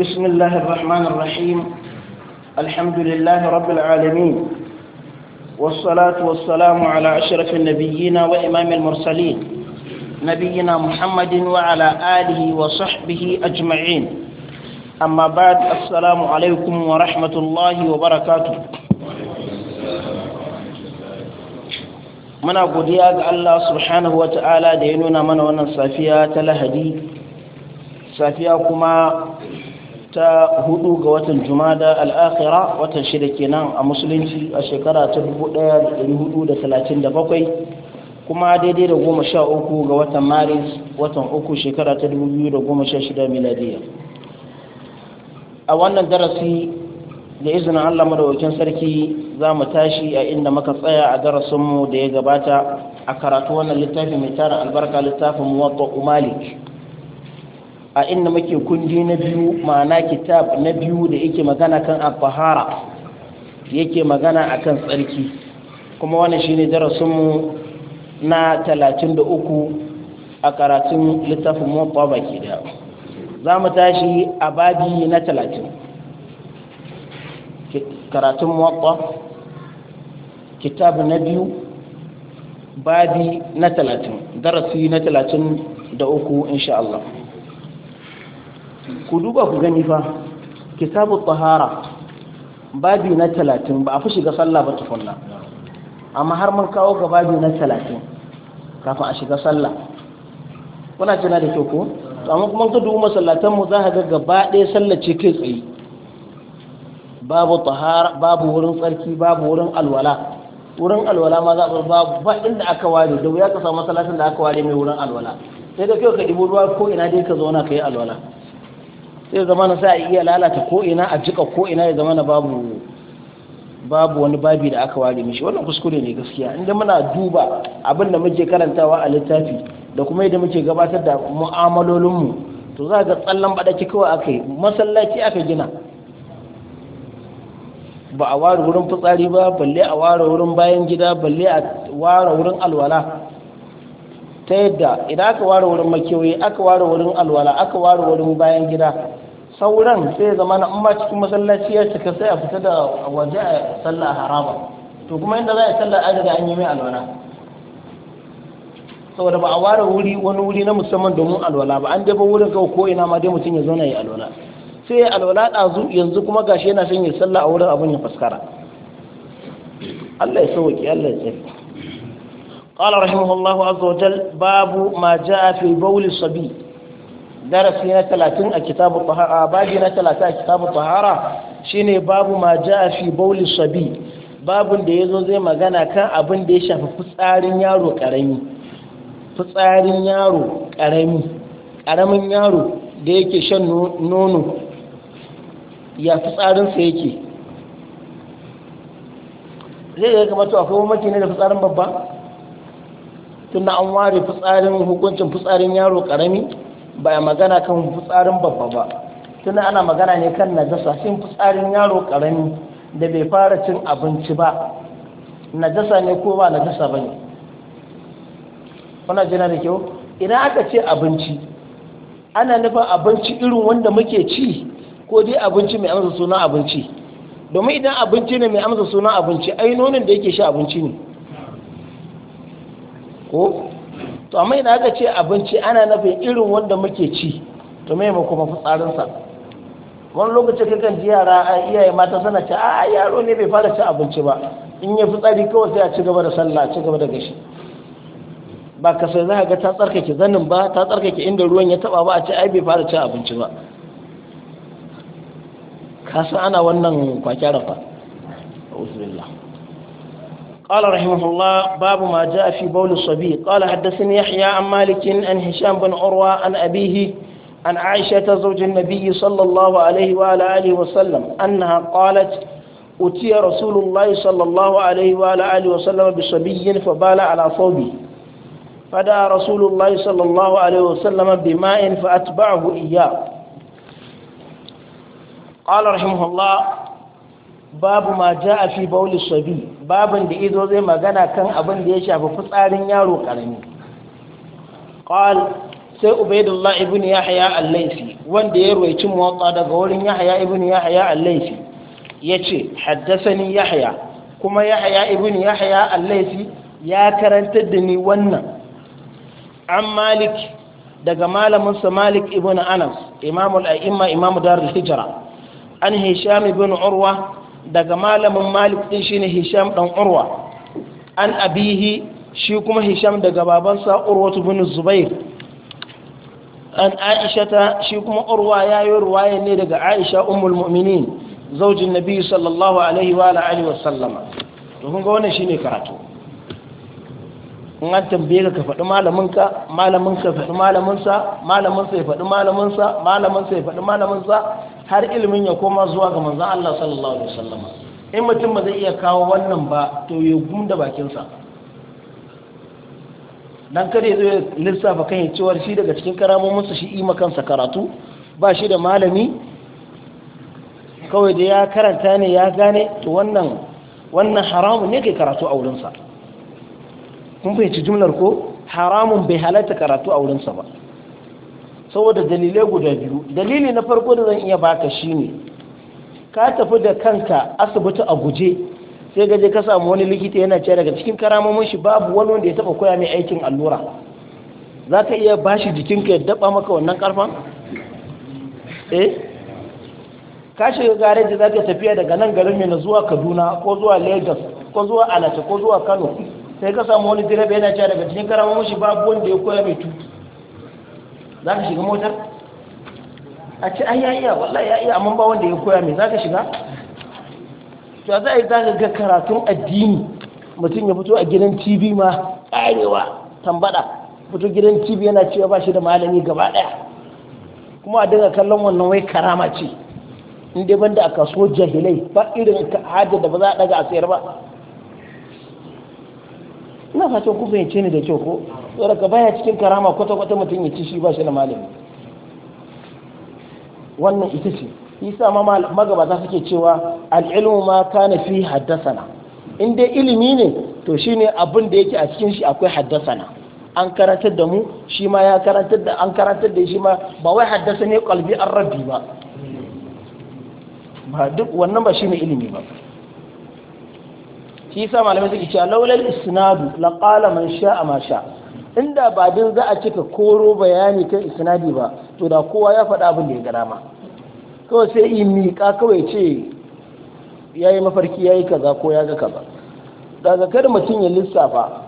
بسم الله الرحمن الرحيم الحمد لله رب العالمين والصلاة والسلام على أشرف النبيين وإمام المرسلين نبينا محمد وعلى آله وصحبه أجمعين أما بعد السلام عليكم ورحمة الله وبركاته من أقول يا الله سبحانه وتعالى ديننا من ونصفيات لهدي mana wannan safiya kuma ta hudu ga watan jumada al'akira watan shida kenan a musulunci a shekara ta 1437 kuma daidai da goma sha uku ga watan maris watan uku shekara ta 2016 miladiya a wannan darasi da izinin allah madawakin sarki za mu tashi a inda muka tsaya a darasinmu da ya gabata a karatu wannan littafin mai tara albarka littafin muwatta malik a inda muke kundi na biyu ma'ana kitab na biyu da yake magana kan al-fahara yake magana akan tsarki kuma wannan shine darasinmu na 33 a karatun littafin motsa baki da za mu tashi a babi na 30 karatun motsa kitab na biyu babi na 30 darasi na 33 insha Allah ku duba ku gani fa kitabu tahara babi na talatin ba a fi shiga sallah ba tukunna amma har mun kawo ga babi na talatin kafin a shiga sallah kuna tuna da kyau ko amma kuma ka duba masallatan mu za ka ga gaba ɗaya sallah ce kai tsaye babu tahara babu wurin tsarki babu wurin alwala wurin alwala ma za ba ba inda aka ware da wuya ka samu masallatan da aka ware mai wurin alwala sai da kyau ka ɗibo ruwa ko ina dai ka zauna ka yi alwala sai zama na sa iya lalata ko ina a jika ko ina ya zama na babu babu wani babi da aka ware mishi wannan kuskure ne gaskiya inda muna duba abinda muke karantawa a littafi da kuma yadda muke gabatar da mu'amalolinmu to za ga tsallan baɗaki kawai aka yi masallaci aka gina ba a ware wurin fitsari ba balle a ware wurin bayan gida balle a ware wurin alwala ta yadda idan aka ware wurin makewaye aka ware wurin alwala aka ware wurin bayan gida sauran sai zama na amma cikin masallaci ya cika sai a fita da waje a sallah a haraba to kuma inda za a sallah a daga an yi mai alwala saboda ba a ware wuri wani wuri na musamman domin alwala ba an dafa wurin kawai ko ina ma dai mutum ya zauna ya alwala sai ya alwala ɗazu yanzu kuma gashi yana son ya sallah a wurin abin ya faskara Allah ya sauki Allah ya tsare قال رحمه الله عز وجل باب ما جاء في بول الصبي darasi na talatin a kitabu tahara babi na talatin a kitabu tahara shine babu ma a fi bauli sabi babun da zo zai magana kan abin da ya shafi fitsarin yaro karami fitsarin yaro karami karamin yaro da yake shan nono ya fitsarinsa yake zai ga kamar to akwai mamaki ne da fitsarin babba tunda an ware fitsarin hukuncin fitsarin yaro karami ba ya magana kan fitsarin babba ba Tuna ana magana ne kan najasa shin fitsarin yaro karami da bai fara cin abinci ba najasa ne ko ba najasa ba ne kuna jina da kyau idan aka ce abinci ana nufa abinci irin wanda muke ci ko dai abinci mai amsa suna abinci domin idan abinci ne mai amsa suna abinci ai nonin da yake shi abinci ne ko to amma idan aka ce abinci ana nufin irin wanda muke ci to me kuma fitsarinsa wani lokaci kan ji yara a iyaye mata sana ce a yaro ne bai fara ci abinci ba in ya fitsari kawai sai a ci gaba da sallah ci gaba da gashi ba ka sai za ga ta tsarkake zanin ba ta tsarkake inda ruwan ya taba ba a ce ai bai fara ci abinci ba ka san ana wannan kwakyarar fa auzubillah قال رحمه الله باب ما جاء في بول الصبي قال حدثني يحيى عن مالك عن هشام بن عروة عن أبيه عن عائشة زوج النبي صلى الله عليه وعلى آله وسلم أنها قالت أتي رسول الله صلى الله عليه وعلى آله وسلم بصبي فبال على صوبه فدعا رسول الله صلى الله عليه وسلم بماء فأتبعه إياه قال رحمه الله باب ما جاء في بول الصبي babin da izo zai magana kan abin da ya shafi fitsarin yaro karami qal sai ubaidullah ibn yahya al-laisi wanda ya ruwaici motsa daga wurin yahya ibn yahya al-laisi yace haddasani yahya kuma yahya ibn yahya al-laisi ya karantar da ni wannan an malik daga malaminsa malik ibn anas imamul a'imma imamu darul hijra an hisham ibn urwa daga malamin malik din shine hisham dan urwa an abihi shi kuma hisham daga babansa urwatu bin zubair an aishata shi kuma urwa ya yi ruwaya ne daga aisha ummul mu'minin zaujin nabi sallallahu alaihi wa alihi wasallama to kun ga wannan shine karatu in an tambaye ka ka faɗi malaminka malaminka faɗi malaminsa malaminsa ya faɗi malaminsa malaminsa ya faɗi malaminsa har ilimin ya koma zuwa ga manzan Allah sallallahu alaihi wasallam in mutum ba zai iya kawo wannan ba to ya gunda bakinsa kada kare zai lissafa kan ya cewar shi daga cikin karamominsa shi ima kansa karatu ba shi da malami kawai da ya karanta ne ya gane to wannan wannan haramun ne kai karatu a wurinsa kun fahimci jimlar ko haramun bai halatta karatu a wurinsa ba saboda dalilai guda biyu dalili na farko da zan iya baka shine ka tafi da kanka asibiti a guje sai gaje ka samu wani likita yana ce daga cikin karamomin shi babu wani wanda ya taba koya mai aikin allura za ka iya bashi jikinka ya daba maka wannan karfan eh ka shiga da za ka tafiya daga nan garin mai zuwa kaduna ko zuwa lagos ko zuwa alata ko zuwa kano sai ka samu wani direba yana cewa daga cikin karamomin shi babu wanda ya koya mai tutu za ka shiga motar a ce ai ya wallahi ya amma ba wanda ya koya mai za ka shiga to za a yi za ga karatun addini mutum ya fito a gidan tv ma ƙarewa tambada fito gidan tv yana cewa ba shi da malami gaba ɗaya kuma a daga kallon wannan wai karama ce in dai banda a kaso jahilai ba irin hajjar da ba za a daga a sayar ba ina fatan ku fahimce ni da kyau ko saboda baya cikin karama kwata-kwata mutum ya ci shi ba shi da malami wannan ita ce isa ma magabata suke cewa al'ilmu ma kana fi haddasana in dai ilimi ne to shine abin da yake a cikin shi akwai haddasana an karantar da mu shi ma ya karantar da an karantar da shi ma ba wai haddasa ne kwalbi an rabbi ba ba duk wannan ba shi ne ilimi ba shi yasa malamai suke cewa laulal isnadu la qala man sha'a ma sha inda ba din za a cika koro bayani kan isnadi ba to da kowa ya faɗa abin da ya gara ma kawai sai yi miƙa kawai ce yayi mafarki yayi kaza ko ya ga kaza daga kada mutum ya lissafa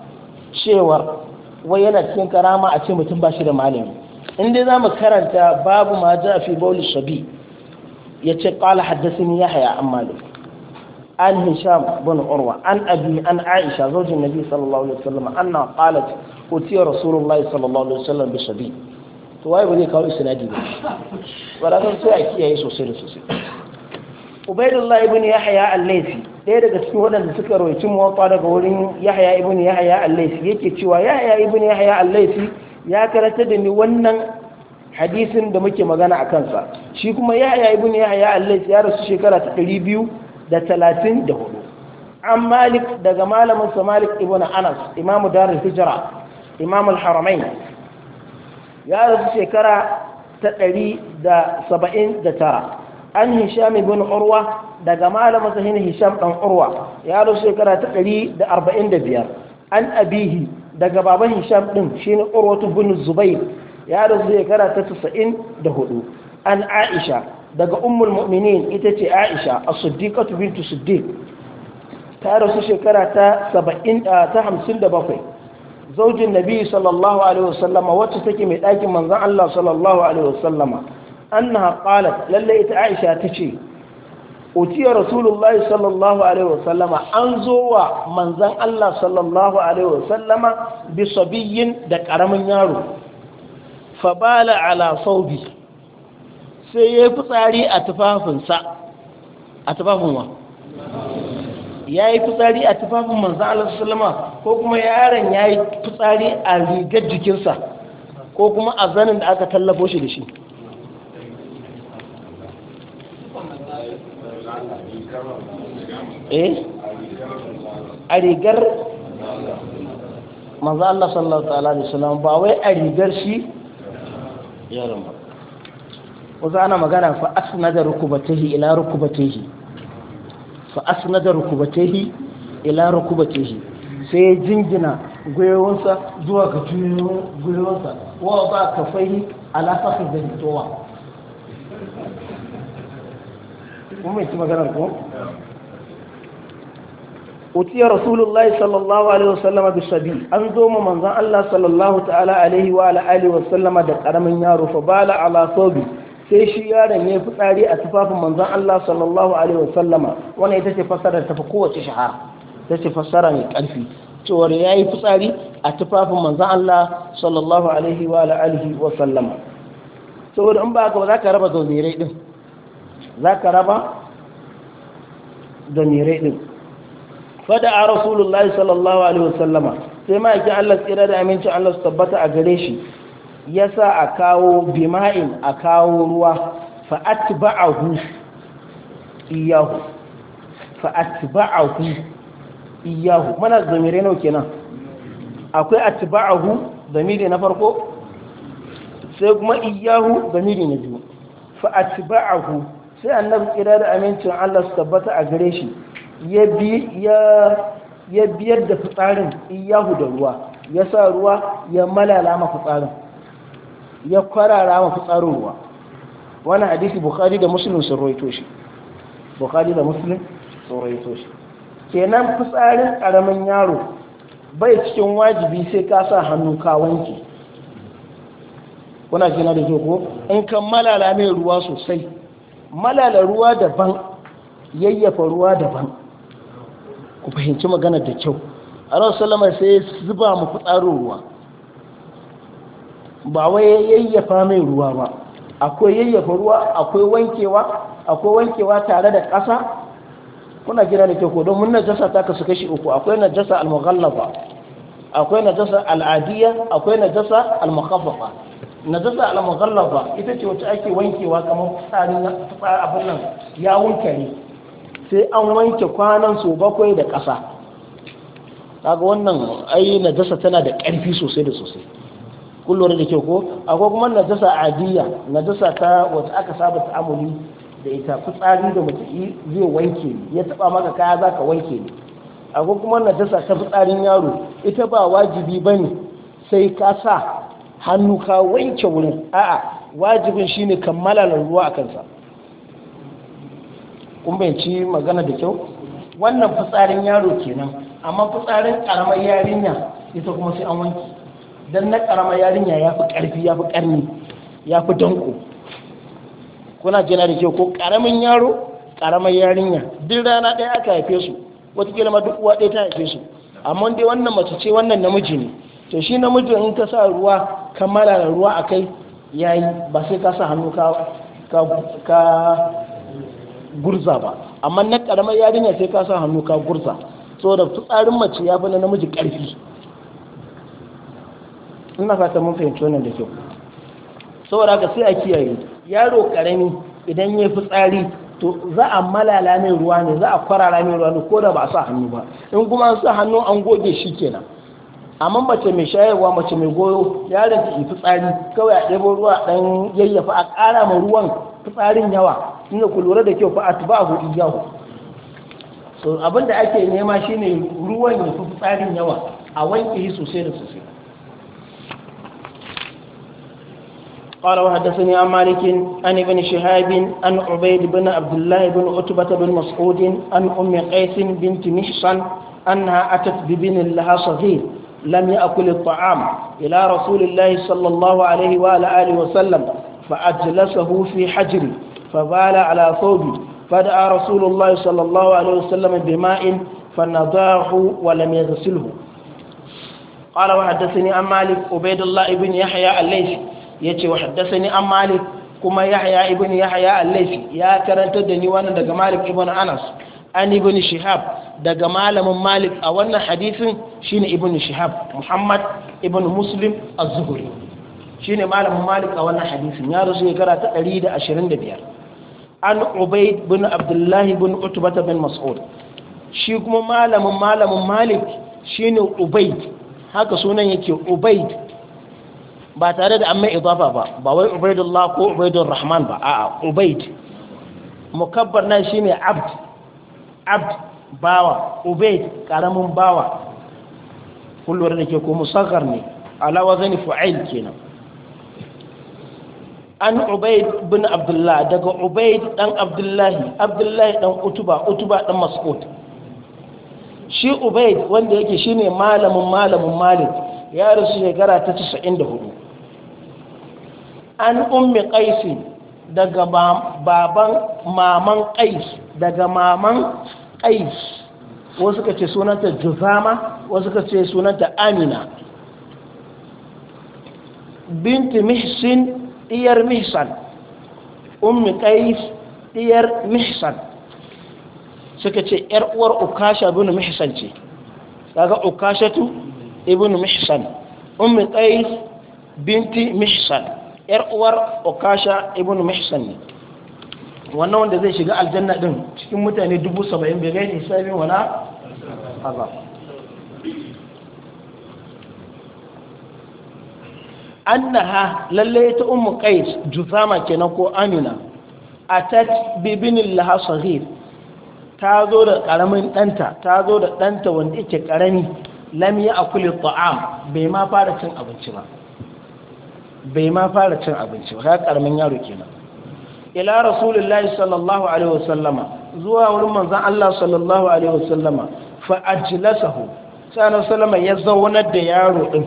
cewar wai yana cikin karama a ce mutum ba shi da malami in dai za mu karanta babu ma ja fi bauli shabi ya ce qala haddathani yahya an malik عن هشام بن عروة عن أبي عن عائشة زوج النبي صلى الله عليه وسلم أنها قالت أتي رسول الله صلى الله عليه وسلم بشبيب to waye ba سنادي kawo isnadi ba wadatar sai a kiyaye sosai da sosai ubaidullah ibn yahya al-laythi ɗaya daga cikin waɗanda suka rawaito muwatta daga wurin yahya ibn yahya al-laythi yake cewa yahya ibn yahya al-laythi ya karanta da ni wannan hadisin da muke magana a kansa shi kuma yahya ibn yahya al-laythi ya rasu shekara ta 200 da talatin da hudu an malik daga malamin sa malik ibn anas imamu darul hijra imamu al-haramain ya rasu shekara ta ɗari da saba'in da tara an hisham ibn urwa daga malamin sa hisham dan urwa ya rasu shekara ta ɗari da arba'in da biyar an abihi daga baban hisham din shine urwatu bin zubair ya rasu shekara ta tasa'in da hudu an aisha daga ummul mu'minin ita ce aisha a siddiqatu bintu siddiq ta rasu shekara ta 70 ah, ta 57 zaujin nabi sallallahu alaihi wasallama wacce take mai ɗakin manzon Allah sallallahu alaihi wasallama annaha qalat lalle ita aisha tace utiya rasulullahi sallallahu alaihi wasallama an zo wa manzan Allah sallallahu alaihi wasallama bi sabiyin da karamin yaro fabala ala saubi sai ya yi fitsari a tufafinsa a tufafin wa ya yi fitsari a tufafin manzan Allah sallama ko kuma yaron ya yi fitsari a rigar jikinsa ko kuma a zanin da aka tallafo shi da shi eh a rigar manzan Allah sallallahu ta'ala da ba wai a rigar shi yaron ba wasu ana magana fa asnada rukubatihi ila rukubatihi fa asnada rukubatihi ila rukubatihi sai jingina gwiwansa zuwa ga gwiwansa wa ba ka fahi ala fakhidhi tuwa kuma yi magana ko أتي رسول الله صلى الله عليه وسلم بالصبي أنزوم من الله صلى الله تعالى عليه وعلى آله وسلم دقر من يارو فبال على صوبي sai shi yaron ya yi fitsari a tufafin manzon Allah sallallahu alaihi wasallama wannan ita ce fassara ta fi kowace shahara ta ce fassara mai ƙarfi cewar ya yi fitsari a tufafin manzon Allah sallallahu alaihi wa alihi wasallama saboda in ba ka za ka raba zamirai din za ka raba zamirai din fada a rasulullahi sallallahu alaihi wasallama sai ma yake Allah tsira da amincin Allah su tabbata a gare shi ya sa a kawo bima'in a kawo ruwa ba’ahu iyahu ba’ahu iyahu mana zamire nau kenan akwai atba'ahu zamire na farko sai kuma iyahu zamire na biyu ba’ahu sai annabi kira da amincin Allah su tabbata a gare shi ya biyar da fitsarin iyahu da ruwa ya sa ruwa ya malala ma fitsarin ya kwarara wa fitsarin ruwa wani hadisi bukari da musulun sun roito shi bukhari da musulun sun roito shi kenan fitsarin karamin yaro bai cikin wajibi sai ka sa hannu ka wanke kuna na da ko? in kan malala mai ruwa sosai malala ruwa daban yayyafa ruwa daban ku fahimci magana da kyau a rasu salamar sai zuba mafi fitsarin ruwa ba wai yayyafa mai ruwa ba akwai yayyafa ruwa akwai wankewa akwai wankewa tare da ƙasa kuna gina da ke kodon mun najasa ta kasu kashi uku akwai najasa al-mughallaba akwai najasa al-adiyya akwai najasa al-mukhaffafa najasa al-mughallaba ita ce wacce ake wankewa kamar tsarin abin nan ya ne sai an wanke kwanan su bakwai da ƙasa kaga wannan ai najasa tana da ƙarfi sosai da sosai kullum da ke ko akwai kuma najasa na najasa ta wata aka saba ta'amuli da ita fitsari da mutum zai wanke ya taba maka kaya za ka wanke ne akwai kuma najasa ta fitsarin yaro ita ba wajibi ba ne sai ka sa hannu ka wanke wurin a'a wajibin shine kammala ruwa a kansa kun magana da kyau wannan fitsarin yaro kenan amma fitsarin karamar yarinya ita kuma sai an wanke dan na ƙarama yarinya ya fi ƙarfi ya fi ƙarni ya fi danko kuna jina da kyau ko ƙaramin yaro ƙaramar yarinya duk rana ɗaya aka haife su wataƙila ma duk uwa ɗaya ta haife su amma dai wannan mace ce wannan namiji ne to shi namiji in ka sa ruwa ka malala ruwa a kai ya yi ba sai ka sa hannu ka gurza ba amma na karamar yarinya sai ka sa hannu ka gurza so da tsarin mace ya fi na namiji ƙarfi ina fata mun fahimci wannan da kyau saboda haka sai a kiyaye yaro karami idan ya fitsari to za a malala mai ruwa ne za a kwarara mai ruwa ne ko da ba a sa hannu ba in kuma an sa hannu an goge shi kenan amma mace mai shayarwa mace mai goyo yaron ta fitsari kawai a ɗebo ruwa dan yayyafa a ƙara ma ruwan fitsarin yawa inda ku lura da kyau fa atba'ahu iyyahu Abin da ake nema shine ruwan ya fi fitsarin yawa a wanke shi sosai da sosai قال وحدثني عن مالك عن ابن شهاب عن عبيد بن عبد الله بن عتبة بن مسعود عن أم قيس بنت محصن أنها أتت ببن لها صغير لم يأكل الطعام إلى رسول الله صلى الله عليه وآله وسلم فأجلسه في حجري فبال على ثوبي فدعا رسول الله صلى الله عليه وسلم بماء فنضاه ولم يغسله قال وحدثني عن مالك عبيد الله بن يحيى الليثي yace wa haddasa ni an malik kuma haya ibn yahya al laifi ya karanta da ni wannan daga malik ibn anas an ibn shihab daga malamin malik a wannan hadisin shine ibn shihab muhammad ibn muslim az shi shine malamin malik a wannan hadisin ya rasu shekara ta 125 an ubayd bin abdullahi bin utubata bin mas'ud shi kuma malamin malamin malik shine ubayd haka sunan yake ubayd ba tare da an mai idafa ba ba wai ubaidullah ko ubaidur rahman ba a'a ubaid mukabbar nan shine abd abd bawa ubaid karamin bawa kullum da ke ko musaghar ne ala wazani fu'il kenan an ubaid bin abdullah daga ubaid dan abdullahi abdullahi dan utuba utuba dan mas'ud shi ubaid wanda yake shine malamin malamin malik ya rasu shekara ta 94 an ummi qais daga baban maman qais daga maman qais wasu ka ce sunanta juzama wasu ka ce sunanta amina binti mihsin ɗiyar mihsan ummi qais ɗiyar mihsan suka ce yar uwar ukasha bin mihsan ce daga ukashatu ibn mihsan ummi qais binti mihsan yar uwar okasha ibn mihsan ne wannan wanda zai shiga aljanna ɗin cikin mutane dubu saba'in bai gaini hisabin wana na annaha lalle ta umu qais juzama kenan ko amina a ta laha lahasarir ta zo da karamin danta ta zo da danta wanda yake karami lam a akuli ta'am bai ma fara cin abinci ba bai ma fara cin abinci ba haka karamin yaro kenan ila rasulullahi sallallahu alaihi wasallama zuwa wurin manzon Allah sallallahu alaihi wasallama fa ajlasahu sallallahu sallama ya zauna da yaro din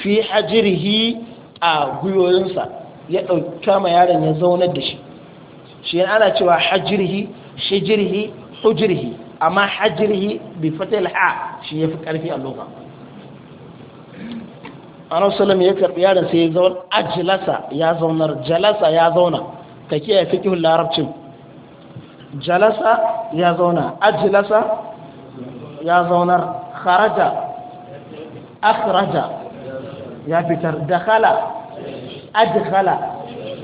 fi hajrihi a guyoyinsa ya dauka ma yaron ya zaunar da shi shi ana cewa hajrihi shijrihi hujrihi amma hajrihi bi fatil ha shi yafi karfi a lokacin annabi ya karbi yaron sai ya zauna ajlasa ya zaunar jalasa ya zauna ta kiyaye fiqhul larabcin jalasa ya zauna ajlasa ya zaunar kharaja akhraja ya fitar da dakhala adkhala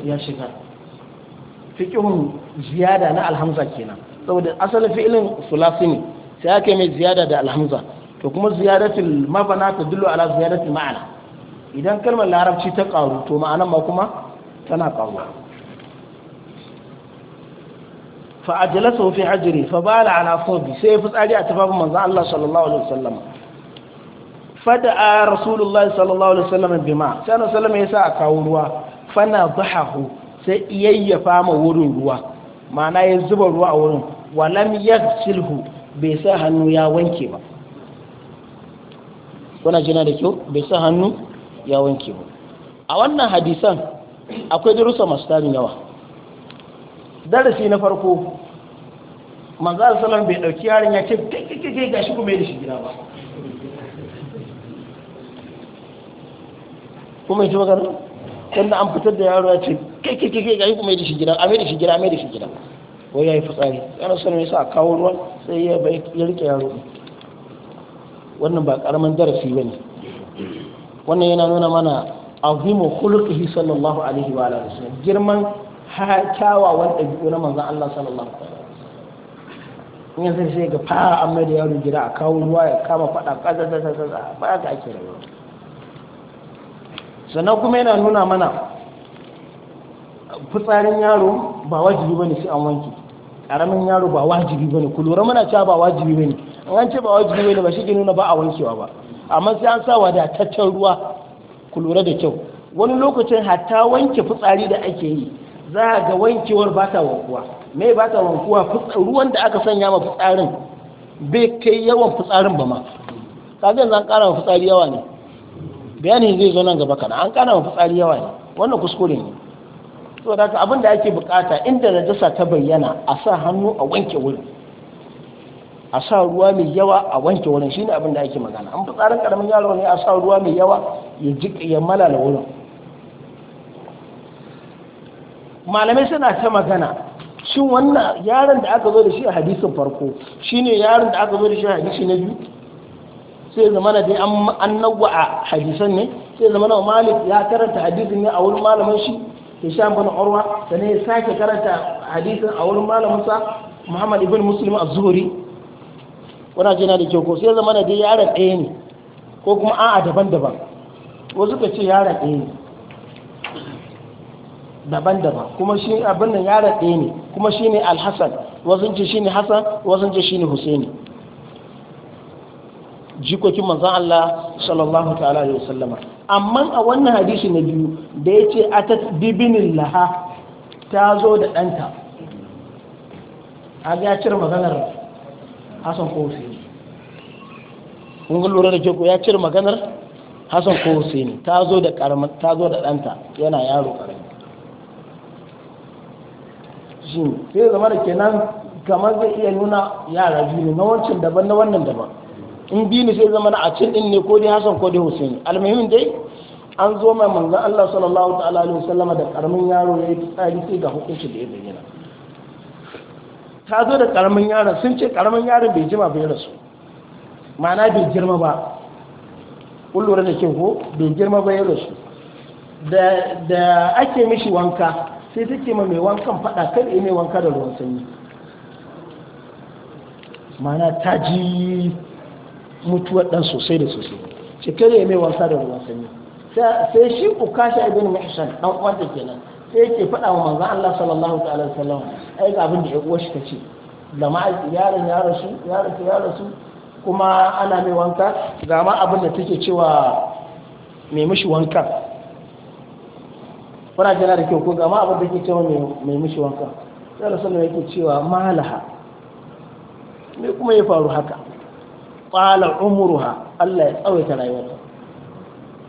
ya shiga fiqhun ziyada na alhamza kenan saboda asalin fi'ilin sulasi ne sai aka mai ziyada da alhamza to kuma ziyadatul mabana ta tadullu ala ziyadatul ma'ana idan kalmar larabci ta karu to ma'anan ma kuma tana ƙaruwa fa ajalasa fi hajri fa bala ala fobi sai fitsari a tafafin manzon Allah sallallahu alaihi wasallam fada'a rasulullahi sallallahu alaihi wasallam bima sai na sallama yasa a kawo ruwa fana bahahu sai iyayyafa ma wurin ruwa ma'ana ya zuba ruwa a wurin walam yaghsilhu bai sa hannu ya wanke ba kuna jina da kyau bai sa hannu ya wanke mu a wannan hadisan akwai darussa masu tarin yawa darasi na farko manzo al-salam bai dauki yaron ya ce ga gashi kuma da shi gida ba kuma ita magana sannan an fitar da yaro ya ce ga shi kuma da shi gida a mai da shi gida a mai da shi gida wai ya yi fitsari yana sanar ya sa a kawo ruwan sai ya rike yaro wannan ba karamin darasi ba ne wannan yana nuna mana azimu khuluqihi sallallahu alaihi wa alihi wasallam girman kyawawan ɗabi'u na manzon Allah sallallahu alaihi wasallam in yanzu sai ga fara amma da yaro gida a kawo ruwa ya kama fada kaza kaza kaza ba ga ake rayuwa sannan kuma yana nuna mana fitsarin yaro ba wajibi bane sai an wanke karamin yaro ba wajibi bane ku lura mana cewa ba wajibi bane an ce ba wajibi bane ba shi ke nuna ba a wankewa ba amma sai an sa wadataccen ruwa ku lura da kyau wani lokacin hatta wanke fitsari da ake yi za a ga wankewar ba ta wankuwa me ba ta wankuwa ruwan da aka sanya ma fitsarin bai kai yawan fitsarin ba ma kaga yanzu an kara ma fitsari yawa ne bayanin zai zo nan gaba kana an kara ma fitsari yawa ne wannan kuskure ne saboda haka abin da ake bukata inda najasa ta bayyana a sa hannu a wanke wurin a sa ruwa mai yawa a wanke wurin shine abin da ake magana an fi tsarin karamin yaro ne a sa ruwa mai yawa ya jika ya malala wurin malamai suna ta magana shin wannan yaron da aka zo da shi a hadisin farko shine yaron da aka zo da shi a hadisi na biyu sai zama na dai an nawa a hadisan ne sai zama na malik ya karanta hadisin ne a wurin malamin shi sha bin orwa sannan ya sake karanta hadisin a wurin malamin sa muhammad ibn muslim a zuhuri. Wani ce na da kyau ko sai zama na dai yaron ɗaya ne ko kuma a'a daban-daban wasu ka ce yaron ɗaya ne daban-daban kuma shi abin nan yaron ɗaya ne kuma shi ne alhassan wasu ce shi ne hassan wasu ce shi ne husaini jikokin manzan Allah sallallahu ta'ala alaihi wasallama amma a wannan hadisi na biyu da ya ce a bibinin laha ta zo da ɗanta a ga cire maganar hassan ko husaini kun lura da ke ya cire maganar hassan ko husaini ta zo da karamar ta zo da ɗanta yana yaro karami shi sai zama da kenan kamar zai iya nuna yara biyu ne na wancan daban na wannan daban in biyu sai zama na a cin din ne ko dai hassan ko dai husaini almuhimmin dai an zo mai manzan allah sallallahu ta'ala alaihi wasallama da karamin yaro ya yi tsari sai ga hukuncin da ya bayyana ta zo da karamin yaron sun ce karamin yaron bai jima bai rasu ma'ana bai girma ba kun da kyau ko bai girma ba ya rasu da ake mishi wanka sai take ma mai wankan fada kar mai wanka da ruwan sanyi ma'ana ta ji mutuwar dan sosai da sosai shekaru ya mai wanka da ruwan sanyi sai shi ukasha ibn mahshan dan uwanta kenan sai yake faɗa wa manzan Allah sallallahu ta'ala sallam ai ga abin da ya uwa shi tace da ma yaron ya rasu yaron ya rasu kuma ana mai wanka ga ma abin da take cewa mai mishi wanka kuna jana da kyau ko ga ma abin da take cewa mai mishi wanka sai rasulullah yake cewa malaha me kuma ya faru haka qala umruha Allah ya tsawaita rayuwarta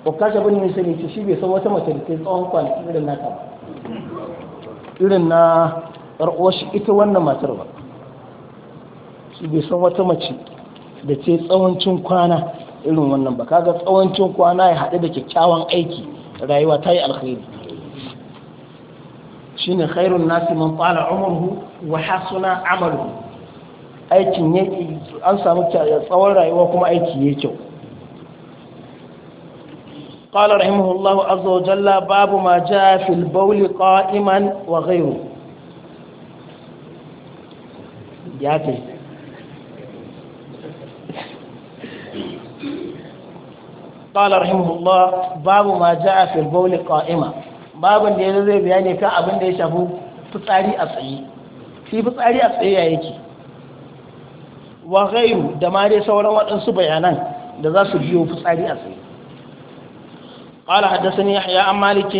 ko kashe bin misali shi bai san wata mace da ke tsawon kwanaki irin naka ba irin na shi ita wannan matar ba su bai san wata mace da ce tsawancin kwana irin wannan ba kaga tsawancin kwana ya haɗu da kyakkyawan aiki rayuwa ta yi alkhairi shi ne khairun nasi man tsala umarhu wa hasuna amalu aikin an samu tsawon rayuwa kuma aiki ya kyau قال رحمه الله عز وجل باب ما جاء في البول قائما وغيره ياتي قال رحمه الله باب ما جاء في البول قائما باب اللي يزي بياني كا ابن دي شابو فتاري أصعي في فتاري أصعي يا ايكي وغيره دماري سورا وانسو بيانان لذا سبيو فتاري أصعي قال حدثني يحيى عن مالك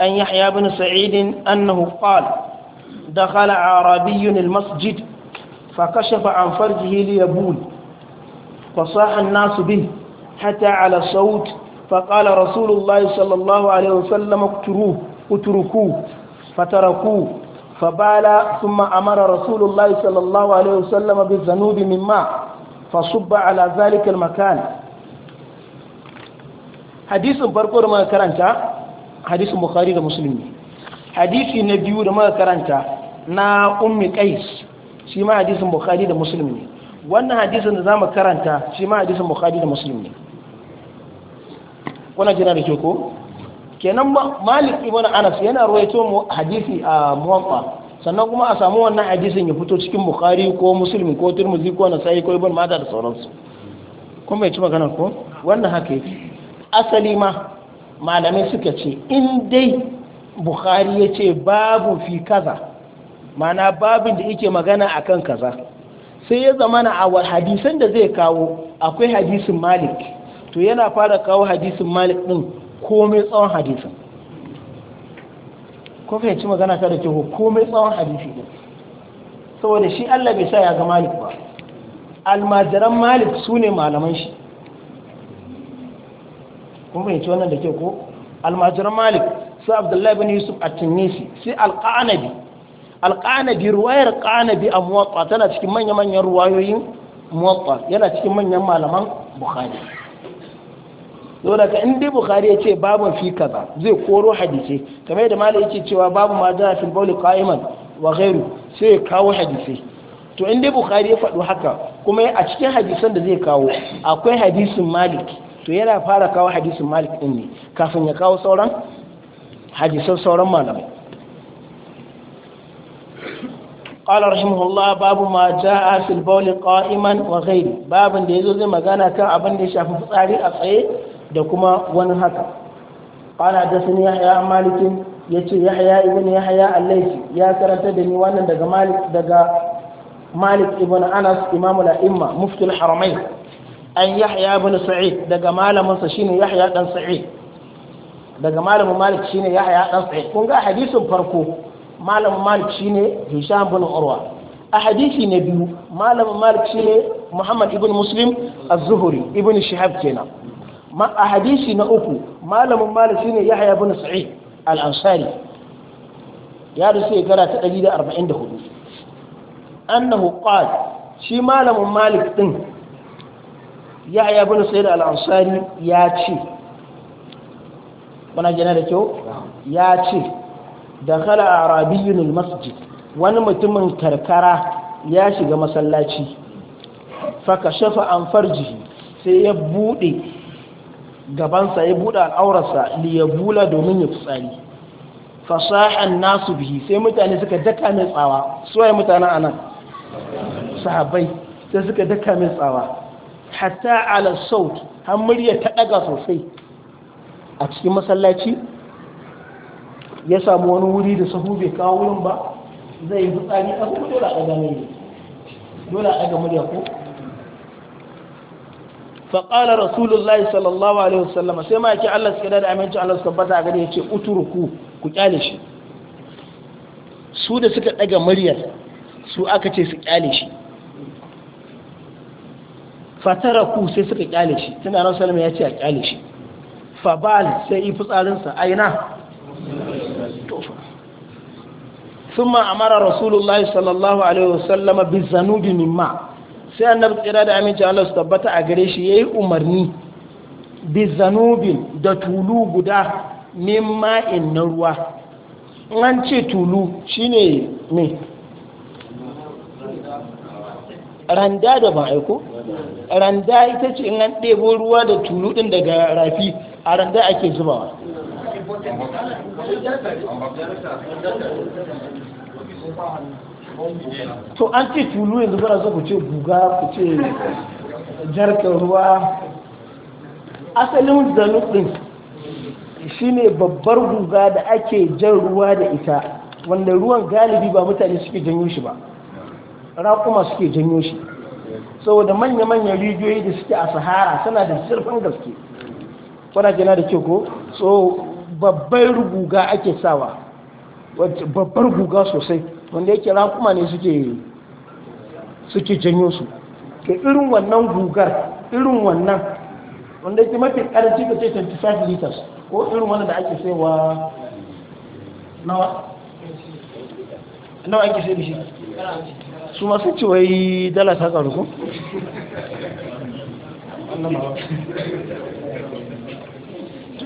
أن يحيى بن سعيد أنه قال دخل عربي المسجد فكشف عن فرجه ليبول فصاح الناس به حتى على صوت فقال رسول الله صلى الله عليه وسلم اقتروه اتركوه فتركوه فبال ثم أمر رسول الله صلى الله عليه وسلم بالذنوب من ماء فصب على ذلك المكان hadisin farko da maka karanta hadisin bukhari da musulmi hadisi na biyu da maka karanta na ummi qais shi ma hadisin bukhari da musulmi wannan hadisin da zamu karanta shi ma hadisin bukhari da musulmi kuna jira da ke ko kenan malik ibn anas yana ruwaito mu hadisi a muwaffa sannan kuma a samu wannan hadisin ya fito cikin bukhari ko musulmi ko turmuzi ko nasa'i ko ibn majah da sauransu kuma ya ci magana ko wannan haka yake asali ma malamai suka ce in dai bukhari ya ce babu fi kaza mana babin da yake magana a kan kaza sai ya zama na a hadisan da zai kawo akwai hadisin malik to yana fara kawo hadisin malik din komai tsawon hadisin ko fahimci magana ta da ke komai tsawon hadisi din saboda shi allah bai sa ya ga malik ba almajiran malik su ne malaman shi kuma yace wannan da ke ko almajiran malik su abdullahi bin yusuf a tunisi sai alƙanabi alƙanabi ruwayar ƙanabi a muwatta tana cikin manya-manyan ruwayoyin muwatta yana cikin manyan malaman bukhari yau daga inda bukhari ya ce babu fi kaza zai koro hadisai kamar da malai yake cewa babu ma jana fil bauli qa'iman wa sai ya kawo hadisai to inda bukhari ya faɗo haka kuma a cikin hadisan da zai kawo akwai hadisin malik to yana fara kawo hadisin malik din ne kafin ya kawo sauran hadisan sauran malamai قال رحمه babu باب ما جاء في البول قائما وغيره باب da zo zai magana kan abin da ya shafi fitsari a tsaye da kuma wani haka قال حدثني يحيى مالك ya yahya ibn yahya al-laythi ya karanta da ni wannan daga malik daga anas imamul a'imma muftul haramain an yahya bin sa'id daga sa shine yahya dan sa'id daga malamin malik shine yahya dan sa'id kun ga hadisin farko malamin malik shine hisham bin urwa a hadisi na biyu malamin malik shine muhammad ibn muslim az-zuhri ibn shihab kenan ma a hadisi na uku malamin malik shine yahya bin sa'id al-ansari ya rusu gara ta 144 annahu qad shi malamin malik din ya ya bin sayyid al-ansari ya ce wannan jana da kyau ya ce da kala a al-masjid wani mutumin karkara ya shiga masallaci faka shafa an farjihi sai ya bude gabansa ya bude al'aurarsa li ya bula domin ya fitsari fasahan nasu bihi sai mutane suka daka mai tsawa suwaye mutanen anan sahabbai sai suka daka mai tsawa hatta ala saut har murya ta daga sosai a cikin masallaci ya samu wani wuri da sahu bai kawo wurin ba zai yi tsari a kuma dole a daga murya dole a daga murya ko faƙalar rasulullahi sallallahu alaihi wasallama sai ma yake allah suka da aminci allah suka bata a gari ya ce uturuku ku kyale shi su da suka daga muryar su aka ce su kyale shi fatara ku sai suka kyale shi tana ran salama ya ce a kyale shi fabal sai yi fitsarinsa aina thumma amara rasulullahi sallallahu alaihi صلى bi zanubi mimma sai annabi kira da aminci Allah su tabbata a gare shi yayi umarni bi zanubi da tulu guda mimma in na ruwa an ce tulu shine ne randa da ba aiko randa ita ce in an ɗebo ruwa da tuludin daga rafi a randa ake zubawa to an ce tulu yanzu bara za ku ce guga ku ce jarkar ruwa asalin shi shine babbar guga da ake jan ruwa da ita wanda ruwan galibi ba mutane suke janyo shi ba raƙuma suke janyo shi saboda manya-manyan rijiyoyi da suke a sahara suna da sirfin gaske Kuna jina da ke ko so babbar guga ake sawa babbar guga sosai wanda yake raƙuma ne suke janyo su ke irin wannan gugar irin wannan wanda yake mafi ƙaranci ka ce 25 liters ko irin wannan da ake saiwa nawa nawa ake sai da shi su masu sun ce wai dala ta karu ko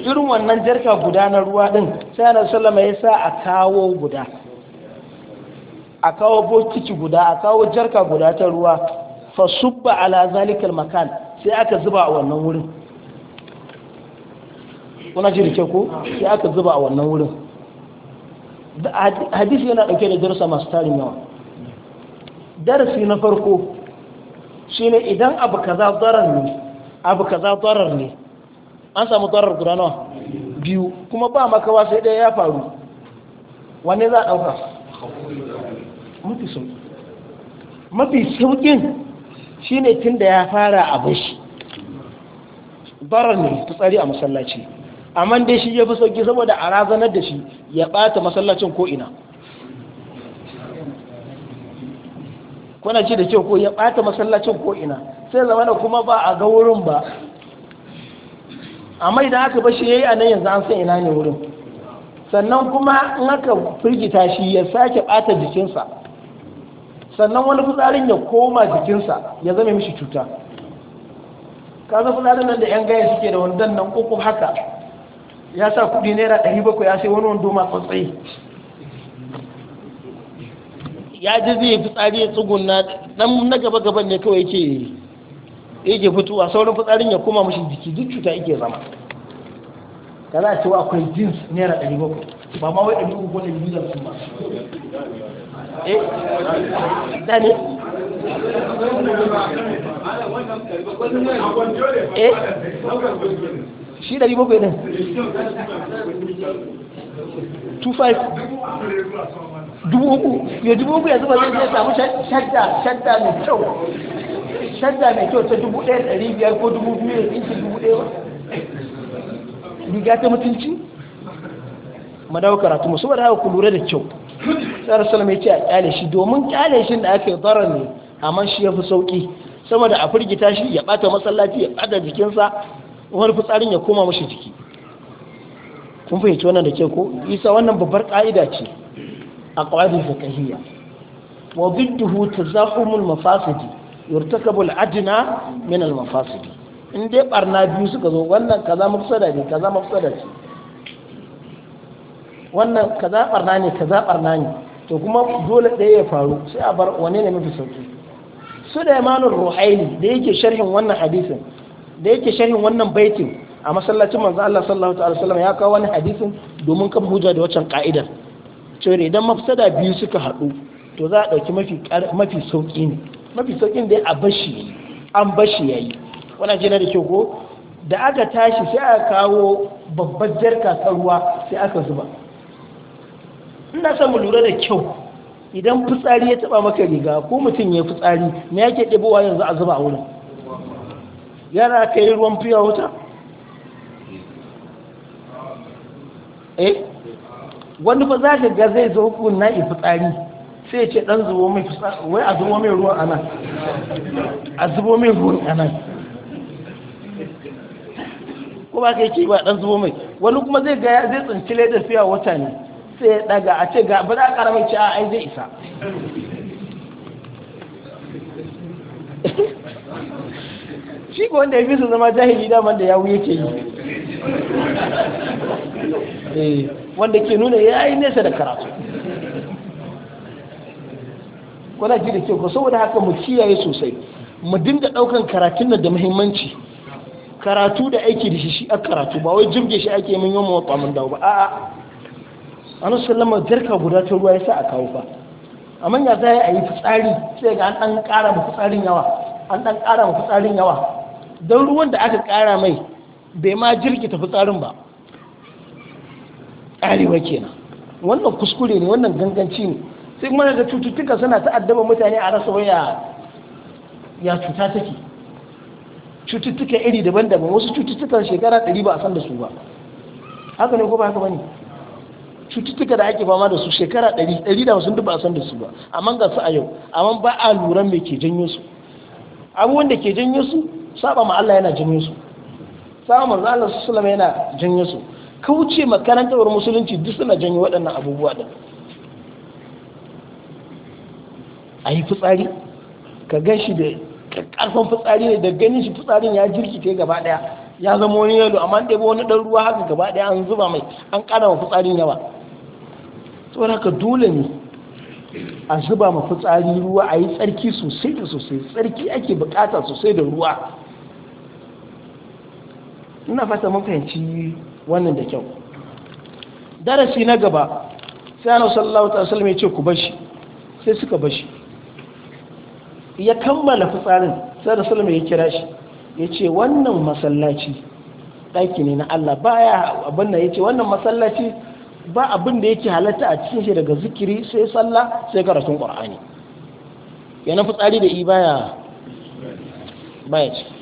irin wannan jarka guda na ruwa din sai na sallama ya sa a kawo guda a kawo bokiti guda a kawo jarka guda ta ruwa fa subba ala zalikal makan sai aka zuba a wannan wurin kuna ji rike ko sai aka zuba a wannan wurin hadisi yana dauke da darussa masu tarin yawa darasi na farko shine idan abu kaza tsarar ne abu kaza tsarar ne an samu tsarar guda nawa biyu kuma ba makawa sai ɗaya ya faru wanne za a ɗauka mafi sauƙi mafi sauƙin shine tun da ya fara abin shi tsarar ne ta tsari a masallaci amma dai shi ya fi sauƙi saboda a razanar da shi ya ɓata masallacin ko ina kuna ce da kyau ko ya bata masallacin ko ina sai zama da kuma ba a ga wurin ba amma idan aka bashi yayi a nan yanzu an san ina ne wurin sannan kuma in aka firgita shi ya sake ɓata jikinsa sannan wani fitsarin ya koma jikinsa ya zama mishi cuta kaza fitsarin nan da yan gaya suke da wandan nan uku haka ya sa kudi naira ɗari ya sai wani wando ma tsatsayi ya ji zai fitsari ya tsugunna dan na gaba gaban ne kawai yake yake fitowa saurin fitsarin ya koma mashi jiki duk cuta yake zama ka za a cewa akwai jins naira ɗari bakwai ba ma wai ɗari uku ko ɗari biyu sun ba eh da ne eh shi ɗari bakwai 25 dubu uku ya dubu uku yanzu ba zai zai samu shadda shadda mai kyau shadda mai kyau ta dubu ɗaya ɗari biyar ko dubu biyu ya tsinci dubu ɗaya ba riga ta mutunci madawa karatu musu haka ku lura da kyau tsara salama ya ce a ƙyale shi domin ƙyale shi da aka yi ne amma shi ya fi sauƙi sama da a firgita shi ya ɓata masallaci ya ɓata jikinsa wani fitsarin ya koma mashi jiki kun fahimci wannan da ke ko isa wannan babbar ƙa'ida ce القواعد الفقهية وضده تزاحم المفاسد يرتكب الأدنى من المفاسد in dai barna biyu suka zo wannan kaza mafsada ne kaza mafsada ce wannan kaza barna ne kaza barna ne to kuma dole ɗaya ya faru sai a bar wane ne mafi sauki su da imanul da yake sharhin wannan da yake sharhin wannan baitin a masallacin manzo Allah sallallahu alaihi wasallam ya kawo wani hadisin domin kan hujja da waccan ka'idar saboda idan mafsada biyu suka haɗu to za a ɗauki mafi sauƙi ne mafi sauƙin da a bashi an bashi ya yi wana na da kyau ko da aka tashi sai aka kawo babbar jarka ta ruwa sai aka zuba ina son mu lura da kyau idan fitsari ya taba maka riga ko mutum ya fitsari me yake ɗebowa yanzu a zuba a wurin yana ka yi ruwan fiya wuta eh wani ba za ka ga zai zo hukun na fitsari sai ce dan zubo mai fitsari wai a zubo mai ruwan ana a zubo mai ruwan ana ko ba ka yi ba dan zubo mai wani kuma zai ga zai tsinci ledar fiya wata ne sai ya daga a ce ga ba za a karamar ci a ai zai isa shi ko wanda ya fi su zama jahili daman da wuye ke yi Eh, wanda ke nuna ya yi nesa da karatu kuna ji da kyau saboda haka mu kiyaye sosai mu dinga daukan karatun da muhimmanci karatu da aiki da shi shi a karatu ba wai jirge shi ake min yi wata mun dawo ba a'a an sallama jarka guda ta ruwa sa a kawo fa amma ya za a yi fitsari sai ga an dan kara ma fitsarin yawa an ɗan ƙara ma fitsarin yawa don ruwan da aka kara mai bai ma jirgita ta fitsarin ba karewa kenan wannan kuskure ne wannan ganganci ne sai kuma daga cututtuka suna ta'addaba mutane a rasa waya ya cuta take cututtuka iri daban-daban wasu cututtukan shekara ɗari ba a san da su ba haka ne ko ba haka bane cututtuka da ake fama da su shekara ɗari ɗari da wasu ba a san da su ba amma ga su a yau amma ba a lura me ke janyo su abubuwan da ke janyo su saba ma Allah yana janyo su saba manzo Allah sallallahu alaihi wasallam yana janyo su kauce makarantar musulunci duk suna janyo waɗannan abubuwa da. a yi fitsari ka gan shi da ƙarfin fitsari ne da ganin shi fitsarin ya yi gaba ɗaya ya zama wani yalo amma ɗaya wani ɗan ruwa haka gaba ɗaya an zuba mai an ƙara wa fitsarin yawa saboda haka dole ne a zuba ma fitsari ruwa a yi tsarki sosai da sosai tsarki ake bukata sosai da ruwa ina fata mun fahimci wannan da kyau darasi na gaba sai annabi sallallahu alaihi wasallam ya ce ku bashi sai suka bashi ya kammala fitsarin sai da sallallahu ya kira shi ya ce wannan masallaci ɗaki ne na Allah Ba ya abin da ya ce wannan masallaci ba abin da yake halatta a cikin shi daga zikiri sai sallah sai karatun qur'ani yana fitsari da i baya ce.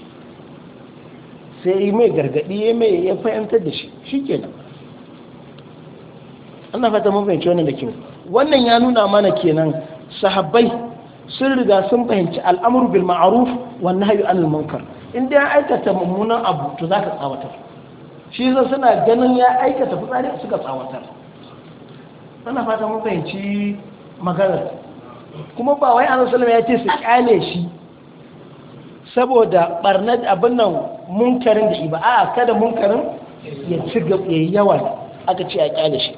sai yi mai gargaɗi ya mai ya fahimtar da shi shi kenan ana fata mun fahimci wannan da kyau wannan ya nuna mana kenan sahabbai sun riga sun fahimci al'amuru bil ma'ruf wa nahyu anil munkar in dai an aikata mummunan abu to zaka tsawatar shi yasa suna ganin ya aikata fitsari suka tsawatar ana fata mun fahimci maganar kuma ba wai annabi sallallahu alaihi wasallam ya ce su kyale shi saboda barnar abin nan munkarin da iba a kada munkarin ya ci yawa aka ce a kyale shi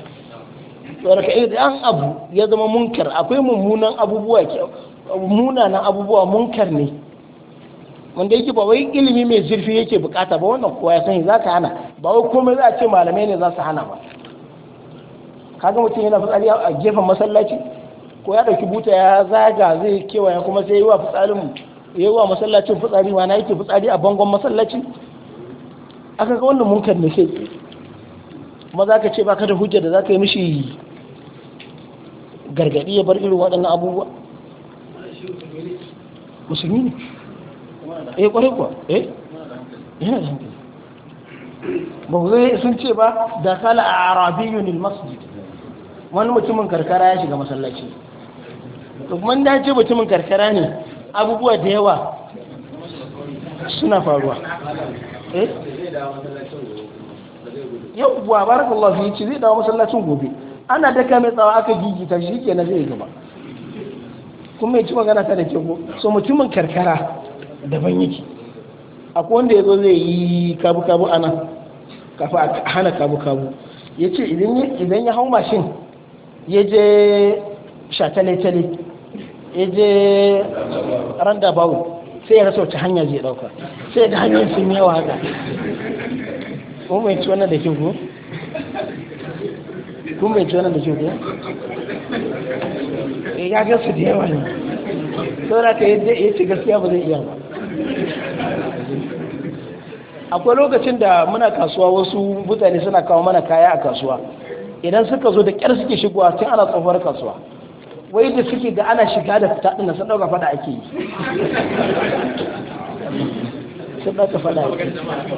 tsoraka idan abu ya zama munkar akwai mummunan abubuwa munanan abubuwa munkar ne wanda yake ba wai ilimi mai zurfi yake bukata ba wannan kowa ya sani za ka hana ba wai komai za a ce malamai ne za su hana ba kaga mutum yana fitsari a gefen masallaci ko ya dauki buta ya zaga zai kewaya kuma sai yi wa fitsarin yayi wa masallacin fitsari ma na yake fitsari a bangon masallaci aka ga wannan munkar ne sai kuma za ka ce ba ka da hujjar da za ka yi mishi gargaɗi ya bar irin waɗannan abubuwa musulmi ne eh kwarai kuwa eh yana da hankali ba ku zai sun ce ba da kala a arabiyun masjid wani mutumin karkara ya shiga masallaci to kuma da ce mutumin karkara ne abubuwa da yawa suna faruwa eh yawwa barakallahu fi ci zai dawo masallacin gobe ana daka mai tsawa aka gigita shi na zai gaba kuma mai ci magana ta da ke ko so mutumin karkara daban yake akwai wanda ya zo zai yi kabu-kabu a kafa a hana kabu-kabu ya ce idan ya hau mashin ya je shatale-tale ya je randa bawul sai ya rasa wacce hanya zai dauka sai ga hanyar sun yi yawa haka kuma mai ci wannan da kinku? kuma mai ci wannan da kyau eh, ya ga su da yawa ne saboda ka yadda ya ci gaskiya ba zai iya ba akwai lokacin da muna kasuwa wasu mutane suna kawo mana kaya a kasuwa idan suka zo da kyar suke shigowa sai ana tsohuwar kasuwa wai da suke ga ana shiga da fita ɗin sun ɗauka fada ake yi sun ɗauka fada ake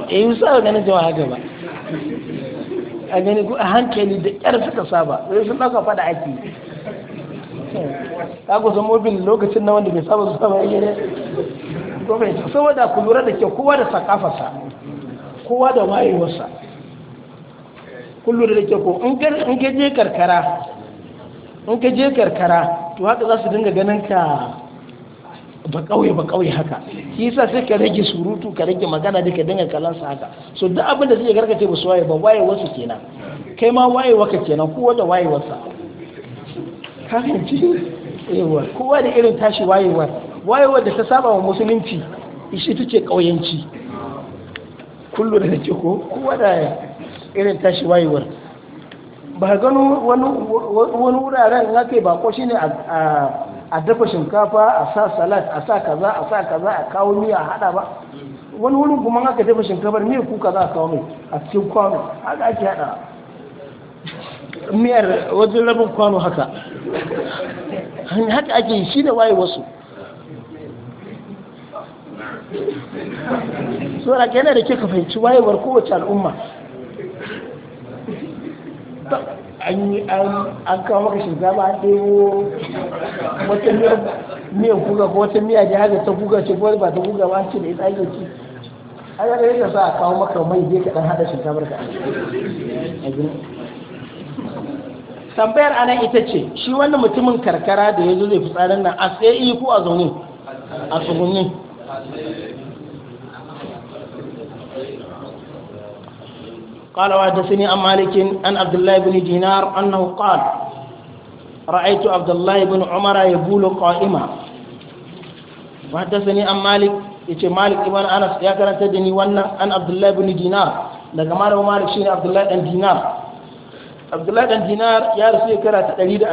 yi eh sa ganin jama'a haka ba a gani a hankali da ƙyar suka saba wai sun ɗauka fada ake yi ka kusa mobil lokacin na wanda bai saba su saba yake ne gwamnati saboda ku lura da kyau kowa da sakafarsa kowa da wayewarsa Kullum da kyau ko in gaje karkara in ka je karkara to haka za su dinga ganin ka ba kauye ba kauye haka shi yasa sai ka rage surutu ka rage magana da ka dinga kallon sa haka so duk abin da zai garkace ba su waye ba waye wasu kenan kai ma waye waka kenan kowa da waye wasa ka fahimci yawa kowa da irin tashi wayewar wayewar da ta saba wa musulunci ishi tace kauyanci kullu da take ko kowa da irin tashi wayewar ba gano wani wuraren ke ba shi ne a dafa shinkafa a sa salat a sa kaza a sa kaza a kawo miya a hada ba wani wurin kuma haka dafa shinkafar miya kuka za a kawo mai a cikin kwano haka ake hada miyar wajen rabin kwano haka haka ake shi da waye wasu so da yana da ke ka fahimci wayewar kowace al'umma an yi an kawo maka shinkafa an ɗewo wata miyan kuka ko wata miya da haka ta kuka ce kuma ba ta kuka ba ce da ita ake ci a ga yadda sa a kawo maka mai je haɗa dan hada shinkafar ka tambayar ana ita ce shi wani mutumin karkara da ya zo zai fitsarin nan a tsaye ko a zaune a tsugunni قال وحدثني عن مالك عن عبد الله بن دينار أنه قال رأيت عبد الله بن عمر يبول قائما وحدثني عن مالك yace malik ibn anas ya karanta da ni wannan an abdullahi ibn dinar daga malamin malik shine abdullahi dan dinar abdullahi dan dinar ya rasu shekara ta 127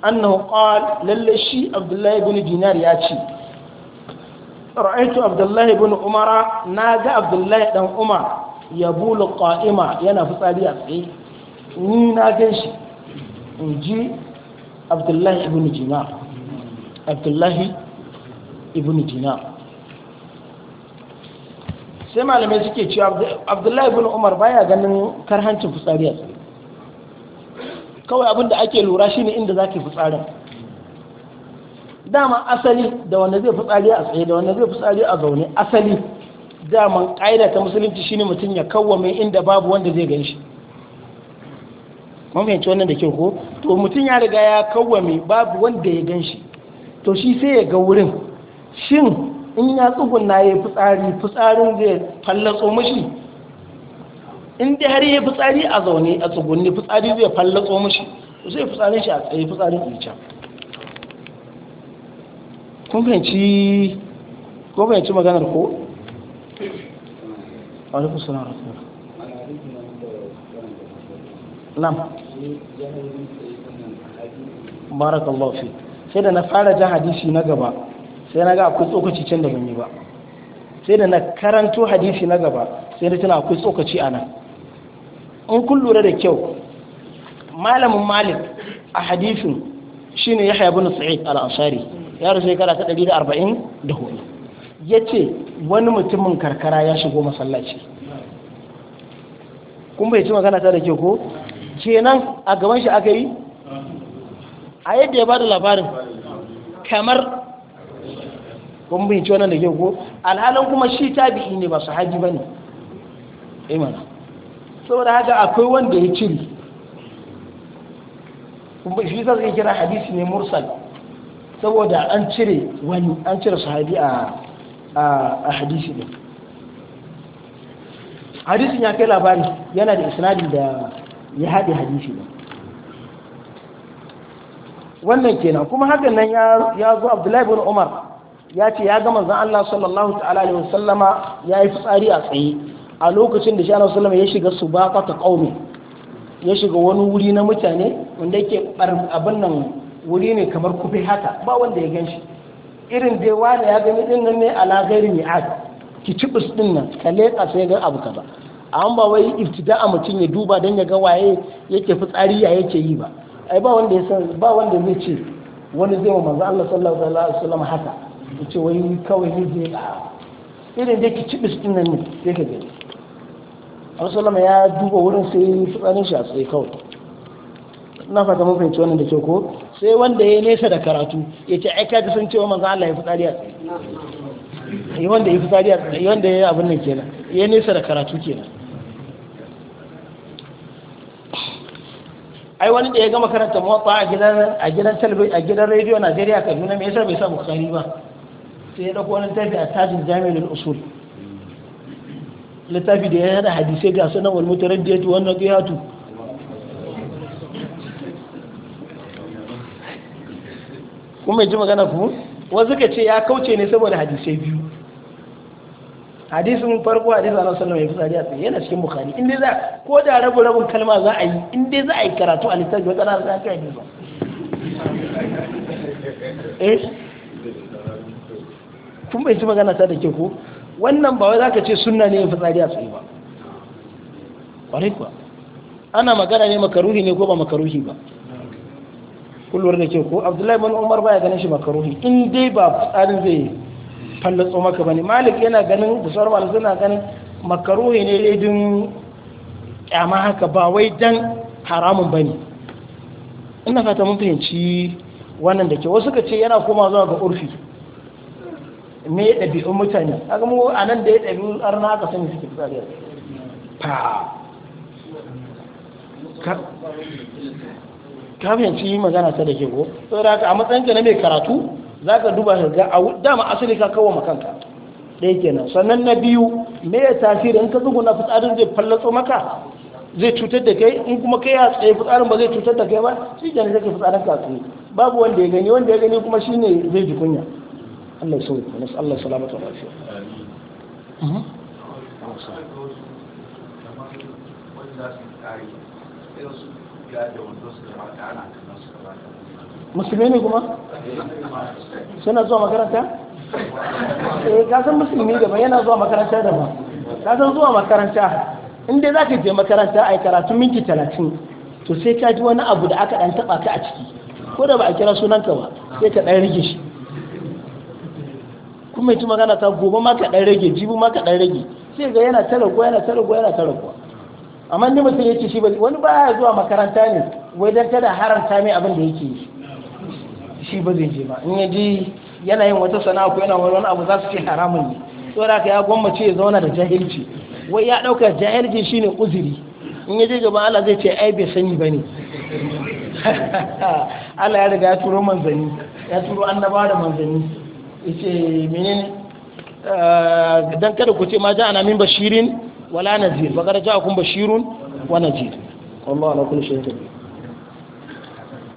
annahu qala lalle shi abdullahi ibn dinar ya ce ra'aytu abdullahi ibn umara naga abdullahi dan umar ya bulu ƙa'ima yana fitsari a tsaye ni na gan shi in ji abdullahi ibn jina abdullahi ibn jina sai malamai suke ce abdullahi ibn umar baya ganin karhancin fitsari a tsaye kawai abinda ake lura shi ne inda za ka fitsarin dama asali da wanda zai fitsari a tsaye da wanda zai fitsari a zaune asali daman ƙa'ida ta musulunci shine mutum ya kawwame inda babu wanda zai gan shi mamayanci wannan da ke ko to mutum ya riga ya kawwame babu wanda ya gan shi to shi sai ya ga wurin shin in ya tsugunna ya fitsari fitsarin zai fallatso mashi in har ya fitsari a zaune a tsugunni fitsari zai fallatso mashi to sai fitsarin shi a tsaye fitsarin ɓica kun fahimci maganar ko alaikum salam na'am barakallahu fi sai da na fara jan hadisi na gaba sai na ga akwai tsokaci can da ban yi ba sai da na karanto hadisi na gaba sai da tana akwai tsokaci a nan in kun lura da kyau malamin malik a hadisin shine yahya ibn sa'id al-ansari ya rasu shekara ta 144 ya ce wani mutumin karkara ya shigo masallaci kun bai ci magana ta da ke ko kenan a gaban shi aka yi a yadda ya ba da labarin kamar kun bai ci wannan da ke ko alhalin kuma shi tabi'i ne ba su haji ba ne imana eh saboda haka akwai wanda ya ciri shi zai kira hadisi ne mursal saboda an cire wani an cire sahabi a a hadisi ne hadisin ya kai labari yana da isnadi da ya haɗe hadisi ne wannan kenan kuma hakan nan ya zo abdullahi bin umar ya ce ya ga manzon Allah sallallahu ta'ala alaihi wasallama ya yi fitsari a tsaye a lokacin da shi sallama ya shiga subaqa ta qaumi ya shiga wani wuri na mutane wanda yake abin nan wuri ne kamar kufi haka ba wanda ya ganshi irin dai wani ya gani din nan ne a lagari ne mi'ad ki ci bus din nan ka leka sai ga abu kaza an ba wai a mutum ya duba dan ya ga waye yake fitsari ya yake yi ba ai ba wanda ya san ba wanda zai ce wani zai wa manzo Allah sallallahu alaihi wasallam haka yace wai kawai ni zai a irin dai ki ci din nan ne sai ka gani Allah sallama ya duba wurin sai fitsarin shi a tsaye kawai na fata mun fahimci wannan da ke ko sai wanda ya nesa da karatu ya ce aika ji sun wa manzan Allah ya fi a tsaye wanda ya fi a wanda ya abin nan kenan ya nesa da karatu kenan ai wani da ya gama karanta motsa a gidan a gidan talabijin a gidan rediyo Najeriya Kaduna me yasa bai sa Bukhari ba sai ya ɗauko wani tafi a tajin jami'in Usul littafi da ya yada hadisai ga sunan wal mutaraddiyatu wannan naqiyatu kuma ji magana ku wasu ka ce ya kauce ne saboda hadisai biyu hadisun farko hadisin annabi ya fi wasallam ya tsaye yana cikin bukari in dai za ko da rabu rabun kalma za a yi in dai za a yi karatu a littafi wata rana za a yi ba eh kun bai ci magana ta da ke ko wannan ba wai za ka ce sunna ne fitsari a tsaye ba kwarai kuwa ana magana ne makaruhi ne ko ba makaruhi ba kullum da ke ko abdullahi ban umar baya ganin shi makaruhi in dai ba tsarin zai fallatso maka bane malik yana ganin da sauran suna ganin makaruhi ne dai kyama haka ba wai dan haramun bane ina fata mun fahimci wannan da ke wasu ka ce yana koma zuwa ga urfi me ya ɗabi'un mutane kaga mu a nan da ya ɗabi arna haka sani suke tsariya ka fahimci magana ta da ke ko saboda haka a matsayin ka na mai karatu za ka duba shi ga a dama asali ka kawo makanka yake nan sannan na biyu me ya tasiri in ka na fitsarin zai fallatso maka zai cutar da kai in kuma kai ya tsaye fitsarin ba zai cutar da kai ba shi kenan zai fitsarin ka tsaye babu wanda ya gani wanda ya gani kuma shi ne zai ji kunya Allah ya sauke nasu Allah salamata wa lafiya Thank you. musulmi ne kuma suna zuwa makaranta eh ka san musulmi daban yana zuwa makaranta daban ka san zuwa makaranta inda za ka je makaranta a yi karatu minti talatin to sai ka ji wani abu da aka ɗan taɓa ka a ciki ko da ba a kira sunanka ba sai ka ɗan rage shi kuma yi magana ta gobe ma ka ɗan rage jibi ma ka ɗan rage sai ga yana tara ko yana tara ko yana tara kuwa amma ni mutum yake shi ba wani baya zuwa makaranta ne wai dan tana haramta mai abin da yake shi ba zai je ba in yaji ji yana yin wata sana'a ko yana wani abu za su ce haramun ne da ka ya gwammace ya zauna da jahilci wai ya ɗauka jahilci shine uzuri in ya je gaba Allah zai ce ai bai sani ba ne Allah ya riga ya turo manzanni ya turo annaba da manzanni yace menene eh, dan kada ku ce ma ana min bashirin wala nazir ba kada ja'akum bashirun wa nazir wallahu ala kulli shay'in qadir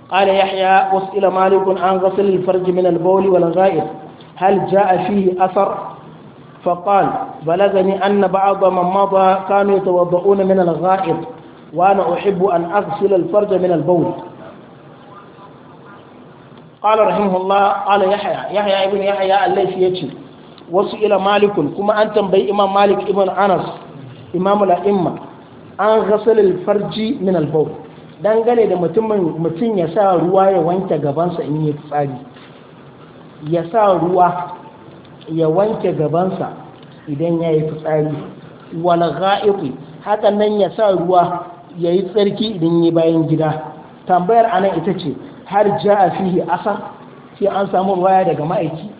قال يحيى وسئل مالك عن غسل الفرج من البول والغائط هل جاء فيه أثر فقال بلغني أن بعض من مضى كانوا يتوضؤون من الغائط وأنا أحب أن أغسل الفرج من البول قال رحمه الله قال يحيى يحيى ابن يحيى الليثي يجي وسئل مالك كما أنتم بإمام مالك ابن أنس imamu la'imma an rasa farji min albaul dangane da mutum ya sa ruwa ya wanke gabansa in yi tsari ya sa ruwa ya wanke gabansa idan ya yi fitsari wal ga'iqi hakan nan ya sa ruwa ya yi tsarki idan yi bayan gida tambayar anan ita ce har ja a fihi asar sai an samu ruwaya daga ma'aiki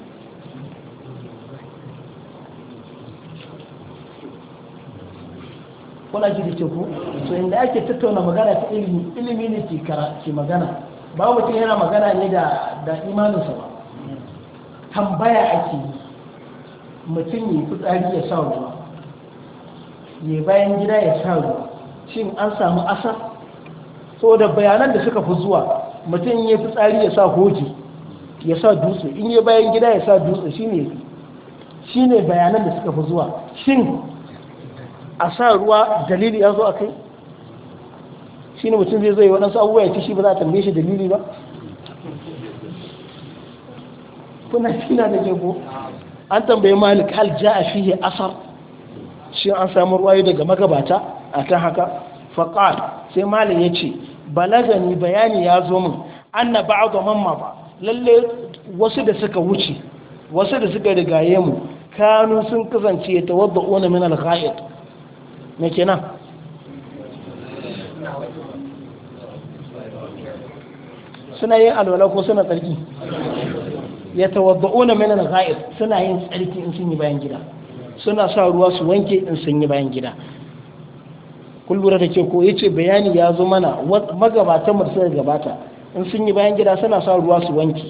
kuna ji da ke ku to inda ake tattauna magana ta ilimi ilimi ne ke kara ke magana ba mutum yana magana ne da da imaninsa ba tambaya ake mutum ya fitsari ya sa ruwa ya bayan gida ya sa ruwa shin an samu asar so da bayanan da suka fi zuwa mutum ya fitsari ya sa hoji ya sa dutse in ya bayan gida ya sa dutse shine shine bayanan da suka fi zuwa shin a sa ruwa dalili ya zo a kai shi ne mutum zai zai waɗansu abubuwa ya ci shi ba za a tambaye shi dalili ba kuna fina da jego an tambaye malik hal ja a fiye asar shi an samu yi daga magabata a kan haka faƙar sai malik ya ce balagani bayani ya zo min an na a ga mamma ba lalle wasu da suka wuce wasu da suka rigaye mu kanu sun kasance ta wadda ona min al me nan suna yin alwala ko suna tsarki ya tawadda'una min al-gha'ib suna yin tsarki in sun yi bayan gida suna sa ruwa su wanke in sun yi bayan gida kullura da ke ko ce bayani ya zo mana magabatan mu da gabata in sun yi bayan gida suna sa ruwa su wanke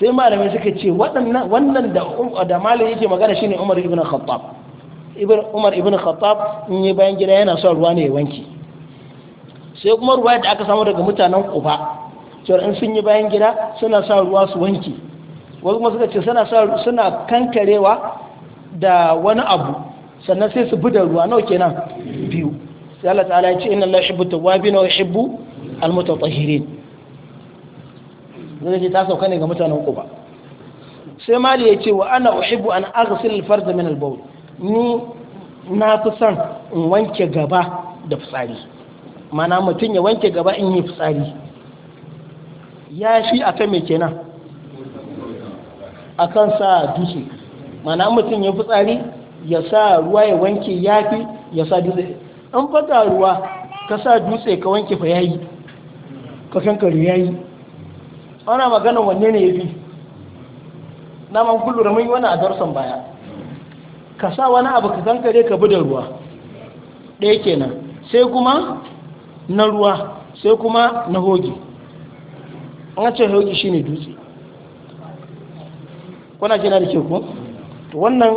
sai malamai suka ce waɗannan wannan da da yake magana shine Umar ibn Khattab umar ibn khattab in yi bayan gida yana son ruwa ne ya wanki sai kuma ruwa da aka samu daga mutanen kufa cewar in sun yi bayan gida suna sa ruwa su wanki wasu kuma suka ce suna suna kankarewa da wani abu sannan sai su bi da ruwa nawa kenan biyu sai Allah ta'ala ya ce inna Allah yuhibbu tawwabin wa yuhibbu al-mutatahhirin zai ce ta sauka ne ga mutanen kufa sai mali ya ce wa ana uhibbu an aghsil al fard min al-bawl ni na fi son in wanke gaba da fitsari mana mutum ya wanke gaba in yi fitsari ya shi a kan mai kenan a kan sa dutse mana mutum ya fitsari ya sa ruwa ya wanke ya fi ya sa dutse an fata ruwa ka sa dutse ka wanke fa yayi ka kankare yayi ana magana wanne ne ya fi na man kullu ramai mun yi wani a darsan baya ka sa wani abu ka kare ka bi da ruwa ɗaya kenan sai kuma na ruwa sai kuma na hoge an ce hoge shine dutse kuna jina da ke ku wannan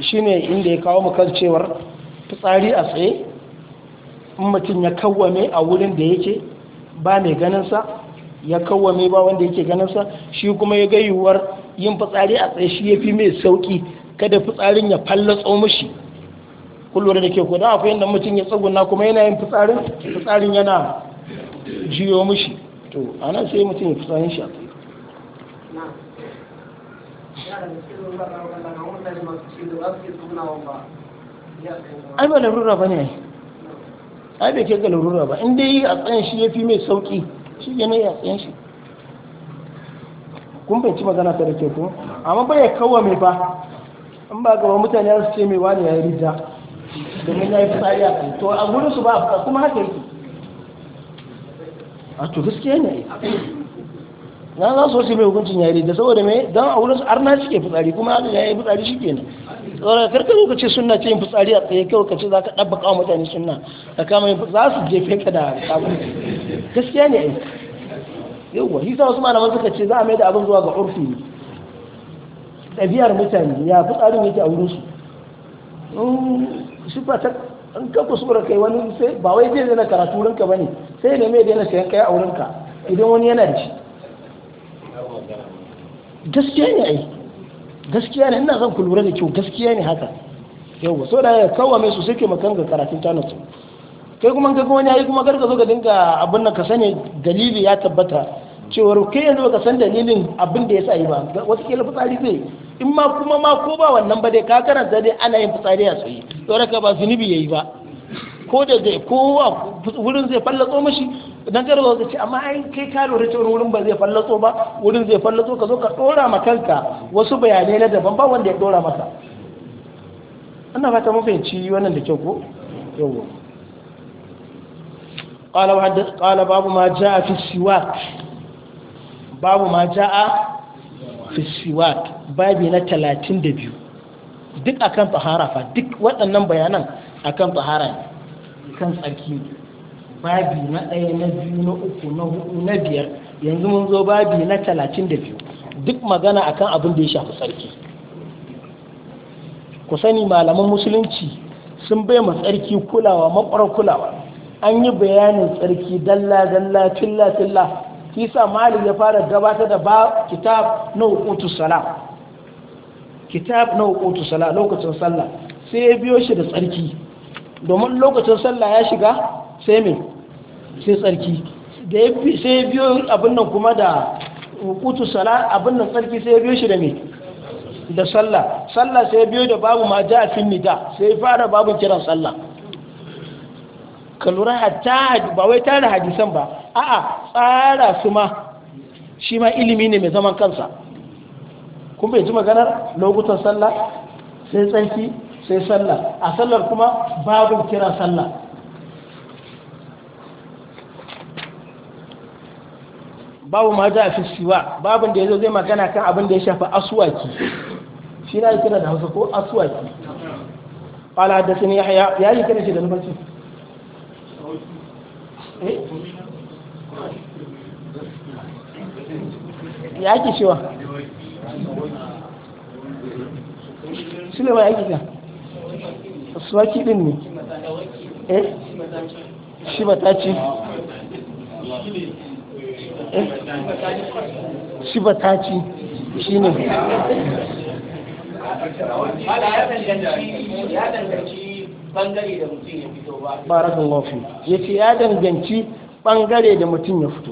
shine inda ya kawo makarcewar cewar fitsari a tsaye in mutum ya kawwame a wurin da yake ba mai ganinsa ya kawwame ba wanda yake ganinsa shi kuma ya gayuwar yin fitsari a tsaye shi ya fi mai sauki kada fitsarin ya fallatso mushi kullum da ke ko da akwai yadda mutum ya tsaguna kuma yana yin fitsarin fitsarin yana jiyo mushi. to ana sai mutum ya fitsarin shi a kai ai ba larura ba ne ai bai ke ga larura ba inda yi a tsayin shi ya fi mai sauki shi ne ya tsayin shi kun bai ci magana ta da ke ko amma bai ya kawo mai ba An ba gaba mutane su ce mai wani ya yi rija domin ya yi fitsari a kai to a gurin su ba a kuma haka yake a to gaskiya ne na za su wasu mai hukuncin ya yi rija saboda mai don a wurin su arna ke fitsari kuma haka ya yi fitsari shi ke ne tsoron karkar ka ce suna ce yin fitsari a tsaye kyau ka ce za ka ɗabba kawo mutane suna da kama yin za su jefe ka da kabu gaskiya ne yauwa hisa wasu malaman suka ce za a mai da abin zuwa ga urfi tsabiyar mutane ya fi tsarin yake a wurin su shi ba ta an ka kusura kai wani sai ba wai zai zana karatu wurinka ba ne sai ne mai daina sayan kai a wurinka idan wani yana da shi gaskiya ne ai gaskiya ne ina zan ku lura da kyau gaskiya ne haka yau so da ya kawo mai su suke makan ga karatun tanatu kai kuma ga wani ayi kuma garga zo ga dinga abin nan ka sani dalili ya tabbata cewar kai yanzu ka san dalilin abin da ya sa yi ba wata kila fitsari zai in ma kuma ma ko ba wannan ba dai ka karanta dai ana yin fitsari a tsaye don ka ba zunubi yayi ba ko da zai kowa wurin zai fallatso mashi dan gara zai ce amma ai kai ka lura cewa wurin ba zai fallatso ba wurin zai fallatso ka zo ka dora ma kanka wasu bayanai na daban ba wanda ya dora maka ana fata mu fahimci wannan da kyau ko yawa قال وحدث قال باب ما جاء في السواك باب ما جاء fisiwak babi na talatin da biyu duk akan fahara fa duk waɗannan bayanan akan fahara ne kan tsarki babi na ɗaya na biyu na uku na hudu na biyar yanzu mun zo babi na talatin da biyu duk magana akan abin da ya shafi tsarki ku sani malaman musulunci sun bai ma tsarki kulawa makwar kulawa an yi bayanin tsarki dalla dalla tilla tilla kisa malik ya fara gabatar da ba kitab na hukutu sala kitab na hukutu sala lokacin sallah sai ya biyo shi da tsarki domin lokacin sallah ya shiga sai mai sai tsarki da ya sai ya biyo abin nan kuma da hukutu sala abin nan tsarki sai ya biyo shi da mai da sallah sallah sai ya biyo da babu ma ja fin nida sai ya fara babu kiran sallah ka lura hatta ba wai tare hadisan ba a'a tsara su ma shi ma ilimi ne mai zaman kansa kun bai ji maganar lokutan sallah sai tsanki sai sallah a sallar kuma babu kira sallah babu ma ja fi siwa babin da ya zo zai magana kan abin da ya shafi asuwaki shi na yi kira da hausa ko asuwaki ƙwala da sun ya yi kira shi da nufarci eh? ya ake cewa silewa ya ake cewa suwaki din ne eh shi ba ta ce eh? shi ba ta ci shi ne barakan wafi ya ce ya danganci bangare da mutum ya fito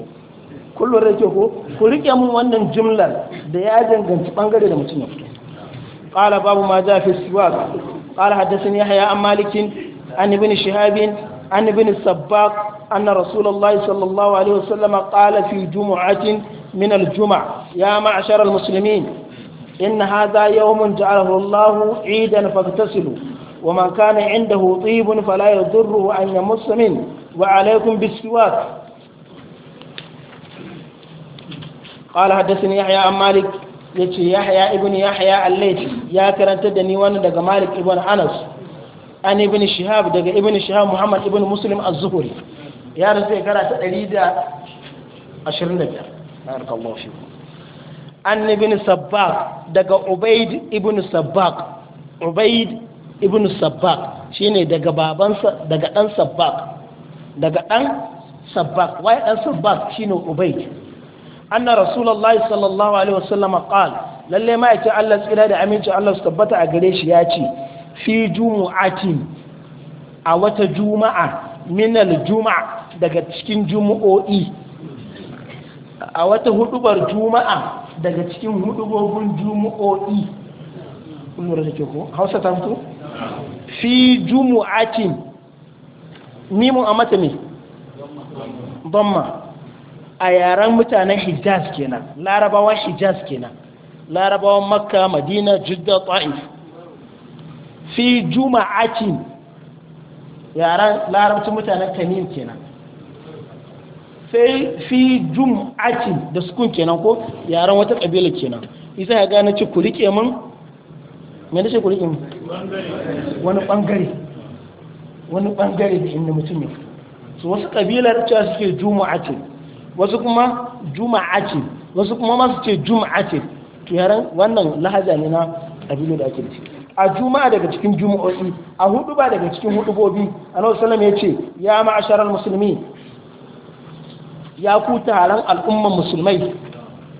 kullum da ke ko ku rike mun wannan jimlar da ya danganci bangare da mutum ya fito qala babu ma ja fi siwak qala haddathani yahya an malikin an ibn shahabin an ibn sabbaq anna rasulullahi sallallahu alaihi wasallam qala fi jumu'atin min al-jum'a ya ma'shar al-muslimin in yau mun ja'alahu Allahu 'idan fagtasilu ومن كان عنده طيب فلا يضره أن musulmin wa alaikum بالسواك قال حدثني يحيى عن مالك yace yahya ibn yahya al-laythi ya karanta da ni wannan daga malik ibn anas an ibn shihab daga ibn shihab muhammad ibn muslim az-zuhri ya rasu shekara ta 125 barakallahu fi an ibn sabbaq daga ubayd ibn sabbaq ubayd ibn sabbaq shine daga babansa daga dan sabbaq daga dan sabbaq wai dan sabbaq shine ubayd anna rasulullahi sallallahu alaihi wasallam qal lalle ma yake Allah tsira da aminci Allah su tabbata a gare shi ya ce fi jumu'atin a wata juma'a minal juma'a daga cikin jumu'o'i a wata hudubar juma'a daga cikin hudubobin jumu'o'i kun da take ko hausa ta fito fi jumu'atin mimu a mata ne don a yaren mutanen hijaz kenan larabawan hijaz kenan larabawan makka madina jidda ta'if fi juma'acin yaren larabcin mutanen tamim kenan sai fi jum'atin da sukun kenan ko yaren wata kabila kenan isa ya gane ci ku rike mun me ce ku rike mun wani bangare wani bangare da inda mutum ne su wasu kabilar cewa suke jum'atin wasu kuma juma'a ce wasu kuma masu ce juma'a ce to wannan lahaja ne na kabilu da ake da a juma'a daga cikin juma'o'i a hudu ba daga cikin hudubobi annabi Salam ya ce ya ma'asharal musulmi ya ku taron al'umman musulmai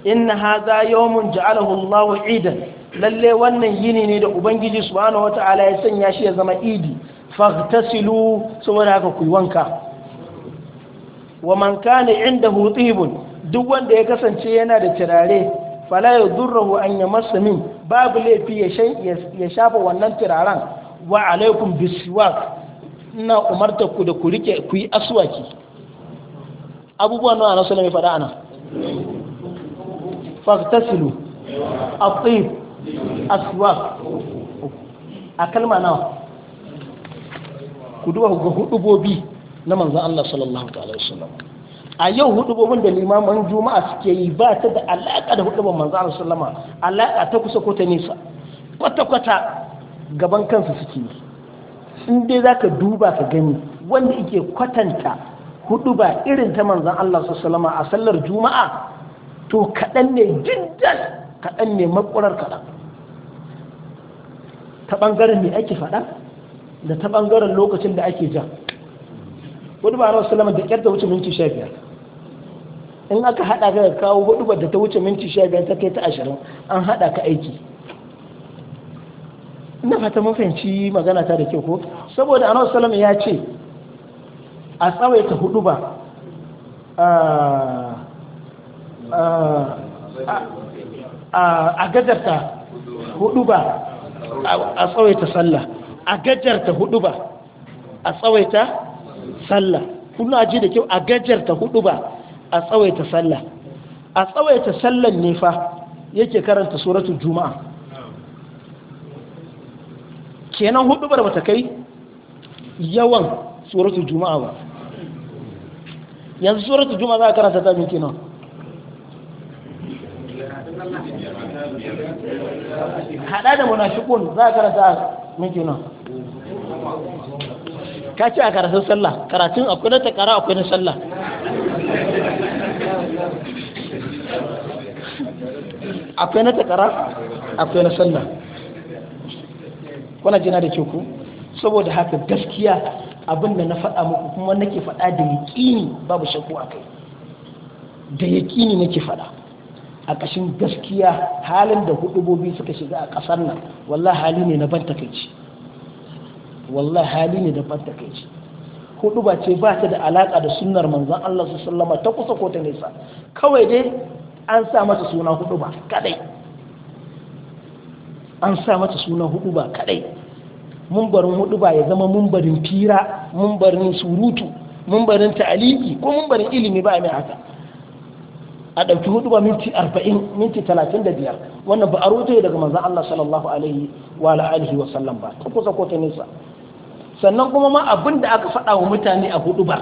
inna hadha yawmun ja'alahu Allahu idan lalle wannan yini ne da ubangiji subhanahu wataala ya sanya shi ya zama idi faghtasilu saboda haka ku wanka wa man kana indahu tibun duk wanda ya kasance yana da turare fala yadurruhu an yamassa min babu laifi ya shafa wannan turaren wa alaikum Biswak ina umarta ku da ku rike ku yi aswaki abubuwa nuna na sallame faɗa ana faktasilu atif aswak a kalma nawa ku duba ga hudubobi na manzan Allah sallallahu alaihi wasallam a yau gobin da limaman juma'a suke yi ba ta da alaƙa da hudubin manzan Allah sallama alaƙa ta kusa ko ta nesa kwata-kwata gaban kansu suke yi in dai za ka duba ka gani wanda ike kwatanta ba irin ta manzan Allah sallama a sallar juma'a to kaɗan ne jiddan kaɗan ne makurar kaɗan ta ɓangaren ne ake faɗa da ta ɓangaren lokacin da ake jan hudu ba rasu salama da kyar ta wuce minti sha biyar in aka haɗa ka kawo hudu ba da ta wuce minti sha biyar ta kai ta ashirin an haɗa ka aiki ina fata mafanci magana ta da kyau ko saboda annabi salama ya ce a tsawaita hudu ba ah, ah, ah, a gajarta hudu ba a tsawaita sallah a gajarta hudu ba a tsawaita sallah kuna ji da kyau a gajarta hudu ba a tsawaita sallah a tsawaita sallan ne fa yake karanta suratul juma'a kenan hudu ba ta kai yawan suratul juma'a ba yanzu suratul juma'a za a karanta ta minti nan hada da munafiqun za a karanta minti nan ka ce a karatun sallah karatun akwai na takara akwai na sallah akwai na takara akwai na sallah kuna jina da ku saboda haka gaskiya abin da na faɗa muku kuma nake faɗa da yaƙini babu shakku a kai da yaƙini nake faɗa a ƙashin gaskiya halin da hudubobi suka shiga a ƙasar nan wallah hali ne na ban takaici wallahi hali ne da fatta kai ce hudu ba ce ba ta da alaka da sunnar manzon Allah su sallama ta kusa ko ta nesa kawai dai an sa mata suna hudu ba kadai an sa mata suna hudu ba kadai mumbarin hudu ba ya zama mumbarin fira mumbarin surutu mumbarin ta'aliki ko mumbarin ilimi ba mai haka a ɗauki hudu ba minti arba'in minti talatin da biyar wannan ba a rotoye daga manzan Allah sallallahu alaihi wa alihi wa sallam ba ta kusa ko ta nesa sannan kuma ma abin da aka faɗa wa mutane a hudu ba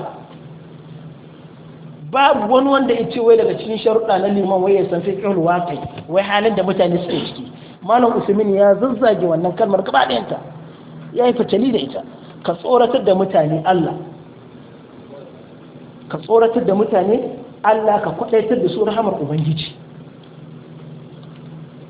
babu wani wanda ya ce wai daga cikin sharuɗa na liman wai ya san fi ƙin waƙai wai halin da mutane suke ciki malam usmin ya zazzage wannan kalmar gaba ɗayanta ya yi fitali da ita ka tsoratar da mutane allah ka tsoratar da mutane allah ka kwaɗaitar da su rahamar ubangiji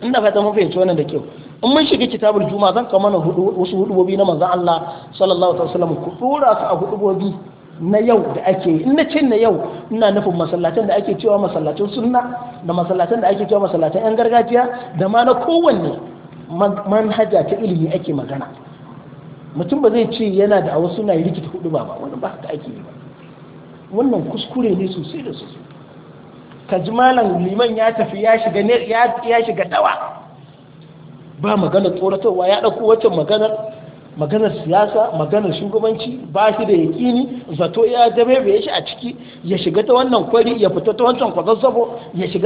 inda fata mun fahimci wannan da kyau in mun shiga kitabul juma zan kama na wasu hudubobi na manzan Allah sallallahu alaihi wasallam ku dora su a hudubobi na yau da ake in na ce na yau ina nufin masallacin da ake cewa masallacin sunna da masallacin da ake cewa masallacin yan gargajiya da ma na kowanne manhaja ta ilimi ake magana mutum ba zai ce yana da wasu suna rikita hudu ba ba wannan ba haka ake yi ba wannan kuskure ne sosai da sosai ka ji malam liman ya tafi ya shiga dawa ba magana tsoratarwa ya ɗauko waccan maganar maganar siyasa maganar shugabanci ba shi da yakini zato ya dabe bai shi a ciki ya shiga ta wannan kwari ya fita ta wancan kwazazzabo ya shiga